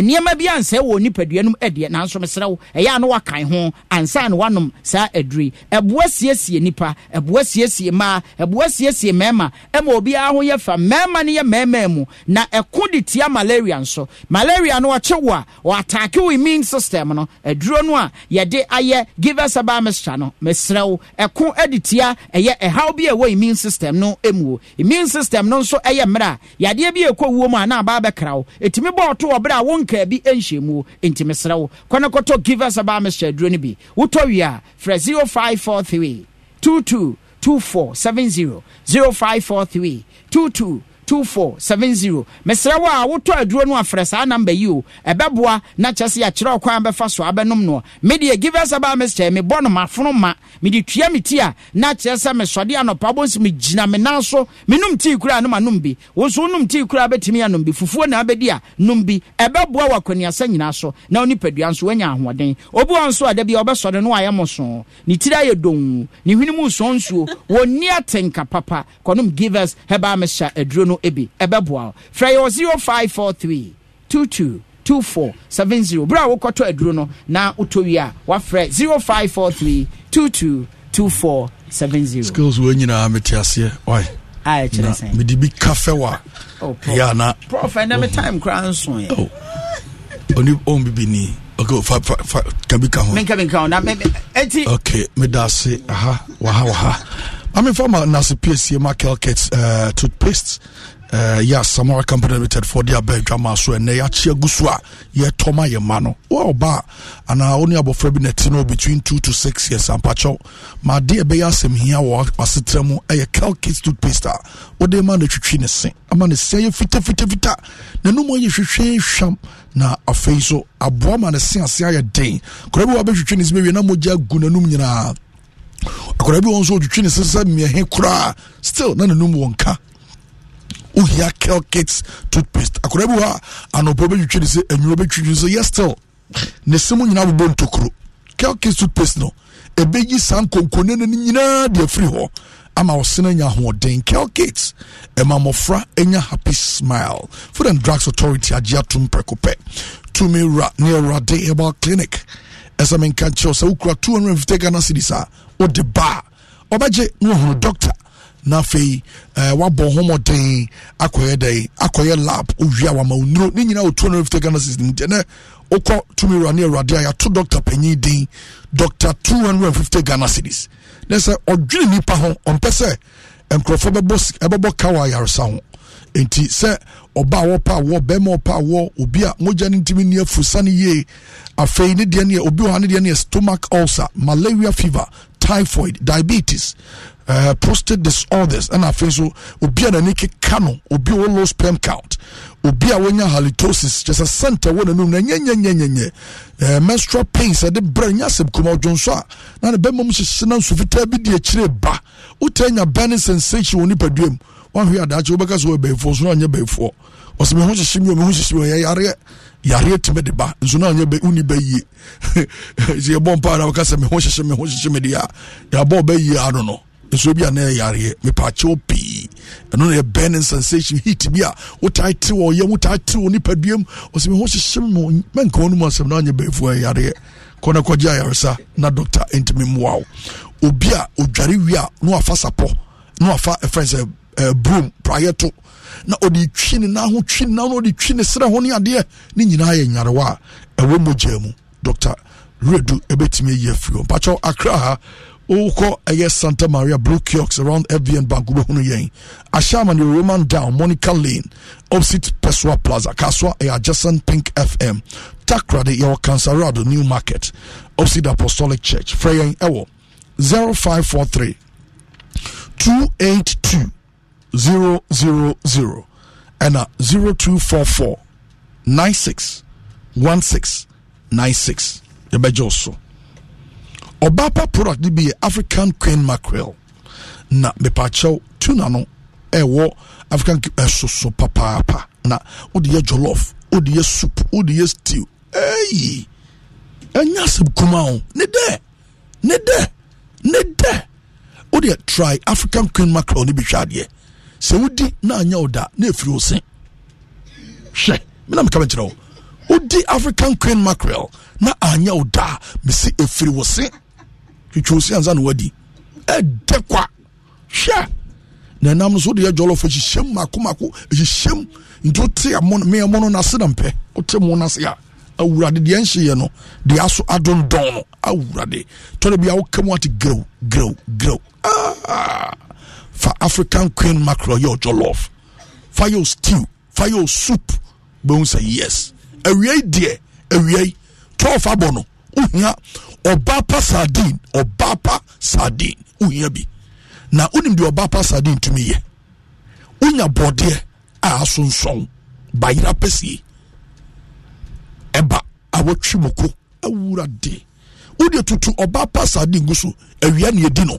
nneɛma bi ansɛ wɔ nipadua no mu ɛdeɛ nanso mesrɛ wo ɛyɛ a na woaka ho ansa na woanom saa aduro yi ɛboa siesie nipa ɛboa siesie mmaa ɛboa siesie mmarima ɛma obiara ho yɛ fa mmarima no yɛ mmarima mu na ɛko de tia malaria nso so malaria no ɔkye wo a ɔataake wo immune system no aduro no a yɛde ayɛ givers aba mixture no mesrɛ wo ɛko aditia ɛyɛ ɛhaw bi a ɛwɔ immune system no mu o immune system no nso ɛyɛ mmerɛ a yadeɛ bi ɛkɔ wuo mu a na aba bɛkra wo ɛtumi bɔ ɔto wɔ berɛ a wonkaa bi ɛnhyɛ mu o enti mesrɛ wo kɔ ne kɔtɔ givers aba mixture aduro no bi wotɔ wie a frɛ 0543 22 2470 0543 22 two four seven zero mesrɛ wo a wotɔ aduro no afrɛ saa namba yi o ɛbɛboa na kyɛ sɛ yɛkyerɛ ɔkwan bɛfa so abɛnom noɔ medeɛ givers aba mestɛ mebɔ no mafono ma mede tua me ti a na kyerɛ sɛ mesɔde anɔpa bɔ nso megyina me nan so menom tii kora a nom anom bi wo nso wonom tii kora a bɛtumi anom bi fufuo na abɛdi a nom bi ɛbɛboa wɔ akɔneasa nyinaa so na wo nipadua nso woanya ahoɔden obi wɔ nso a da bia ɔbɛsɔre no ayɛ mo so ne tiri ayɛ dou ne hwene mu nsɔ nsuo wɔnni atenka papa kɔnom givers hɛbaa mehyɛ aduro no ebi ɛbɛboa frɛ yɛ 0543 22 2470 bere a wokɔtɔ aduro no na wotɔ wie a wafrɛ four seven zero. skills wɔ nyinaa mete aseɛ ɔe mede bi ka fɛ wɔ a ɛyɛ oh, ana prof ɛnɛ me time koraa nsoɛ ɔne oh. ɔmbibini okay fa fa fa ka bi ka ho menka menka ho na ɛnti okay meda ase aha waha waha I mean, former Nasi PSC, Michael Kelkets uh, toothpaste. Uh, yes, Samara Company Limited for their bed drama so and they are cheer gusua, ye toma ye mano. Well, ba and I only about February Tino between two to six years and pacho. My dear Bayasem here work pasitremo a eh, Kel Kelkets toothpaste. What they man the chin is saying, A man is say fita fita fita. Na no more you should sham na afei so aboa ma ne se ase ayɛ den kora bi wabɛhwetwe ne sɛ bɛwie na mogya gu n'anom nyinaa akwadaa bi wɔn nso otwitwi ne sisa mmiɛnhe koraa still na nanum wɔn ka ohia kelkit toothpaste akwadaa bi wɔ a anɔpɔ bɛtwitwi ne sɛ enwuro bɛtwitwi ne sɛ yɛ still ne se mu nyinaa bobɔ ntokuro kelkit toothpaste no ɛbɛyi saa nkonkone no nyinaa deɛ firi hɔ ama ɔsene nya ahoɔden kelkit ɛma mmɔfra anya happy smile food and drugs authority agye atom prɛko pɛ tumi ra ne awurade herbal clinic ɛsɛ menka kyerɛw sɛ wokura 250 ghana cities a wode baa ɔbɛgye na wahunu doctor na afei uh, eh, wabɔ homɔden akɔyɛ dɛn akɔyɛ lab owia wama onuro ne nyinaa wɔ 250 ghana cities nti ɛnɛ wokɔ tumi wura ne awurade a yɛato doctor panyin din doctor 250 ghana cities ne sɛ ɔdwene nipa ho ɔmpɛ sɛ nkurɔfoɔ bɛbɔ ka wɔ ayaresa ho nti sɛ ɔba a wɔpa awɔ bɛrima ɔpa awɔ obi a mogya no ntumi ni afu sane yie afei ne deɛ neɛ obi wɔ ha ne deɛ neɛ stomach ulcer malaria fever typhoid diabetes uh, prostate disorders ɛna afei nso obi a n'ani keka no obi a wɔn sperm count obi a wɔnya halitosis kyɛ sɛ center wɔ n'anum na nyɛnyɛnyɛnyɛnyɛ ɛɛ menstrual pains ɛde brɛ nya asɛm kuma ɔdwo nso a na ne bɛrima mu hyehyɛ na nsu fitaa bi di akyire ba wotaa nya burning sensation wɔ nipadua mu. wahwɛ adaakye wobɛka sɛ wɔbɛifoɔ nso no anyɛ bɛifoɔ ɔsɛ meho hyehye mi meho hyehye mi yareɛ yareɛ tumi de ba nso no anyɛ woni bɛyie nti yɛbɔ mpa na wɔka sɛ meho hyehye meho hyehye me a yɛabɔ bɛyie ano no nsuo bi a na yɛ mepaakyɛw pii ɛno na yɛ burning sensation heat bi a wotae te wɔ yɛ wotae te wɔ nipaduam ɔsɛ meho hyehye me mɛnka wɔ no mu asɛm no anyɛ bɛifoɔ ɛyɛ kɔna kɔgye ayaresa na dɔkta ntimi mmoa wo obi a odware wie a na wafa sapɔ na wafa ɛfrɛ eh, sɛ eh, Eh, broom praeɛ to na odi twi na nan ho twi ne nan ho ɔde ho ne ne nyarewa mogya mu dr redu ɛbɛtumi ayi afiri hɔ akra ha wokɔ ɛyɛ santa maria blue kiosk around fbn bank wobɛhunu Ashama, ahyɛama ne roman down monica lane opposite peswa plaza Kaswa, ɛyɛ adjacent pink fm takrade yɛwɔ cansarado new market opposite apostolic church frɛ Ewo. ɛwɔ 0543 282 zero zero zero and a zero two four four nine six one six nine six yɛbɛgye so ɔbaapa product de bi yɛ african queen mackerel na mepaakyɛw tuna no Ewo african papa papaapa na wode jollof wode soup wode stew Hey. ɛnya asɛm kuma wo ne dɛ ne dɛ ne dɛ wode try african queen mackerel ni bi hwɛ sɛ wodi na anya wo da na ɛfiri wo se hwɛ mena meka mekyerɛ wo wodi african queen mackerel na anya wo da mesi ɛfiri wo se twitwi wo se ansa na woadi ɛdɛ kwa hwɛ na ɛnam no so wode yɛ jɔlɔfo hyehyɛm makomako hyehyɛm nti wote meɛ mo no nase na mpɛ wote mo nase a awurade deɛ nhyeɛ no deɛ aso adondɔn no awurade tɔre bia woka mu ate grew grew grew ah. fa african queen mackerel yɛ ɔjɔlɔf fa stew fayo yɛ soup bɛn say yes awia yi deɛ awia yi twelve abɔ no obapa ɔbaa pa sardine ɔbaa sardine bi na onim deɛ ɔbaa pa sardine tumi yɛ onya bɔdeɛ a asonsɔn bayira pɛsie ɛba awɔtwi moko awura de o deɛ tutu ɔbaa sardine gu so awia na yɛ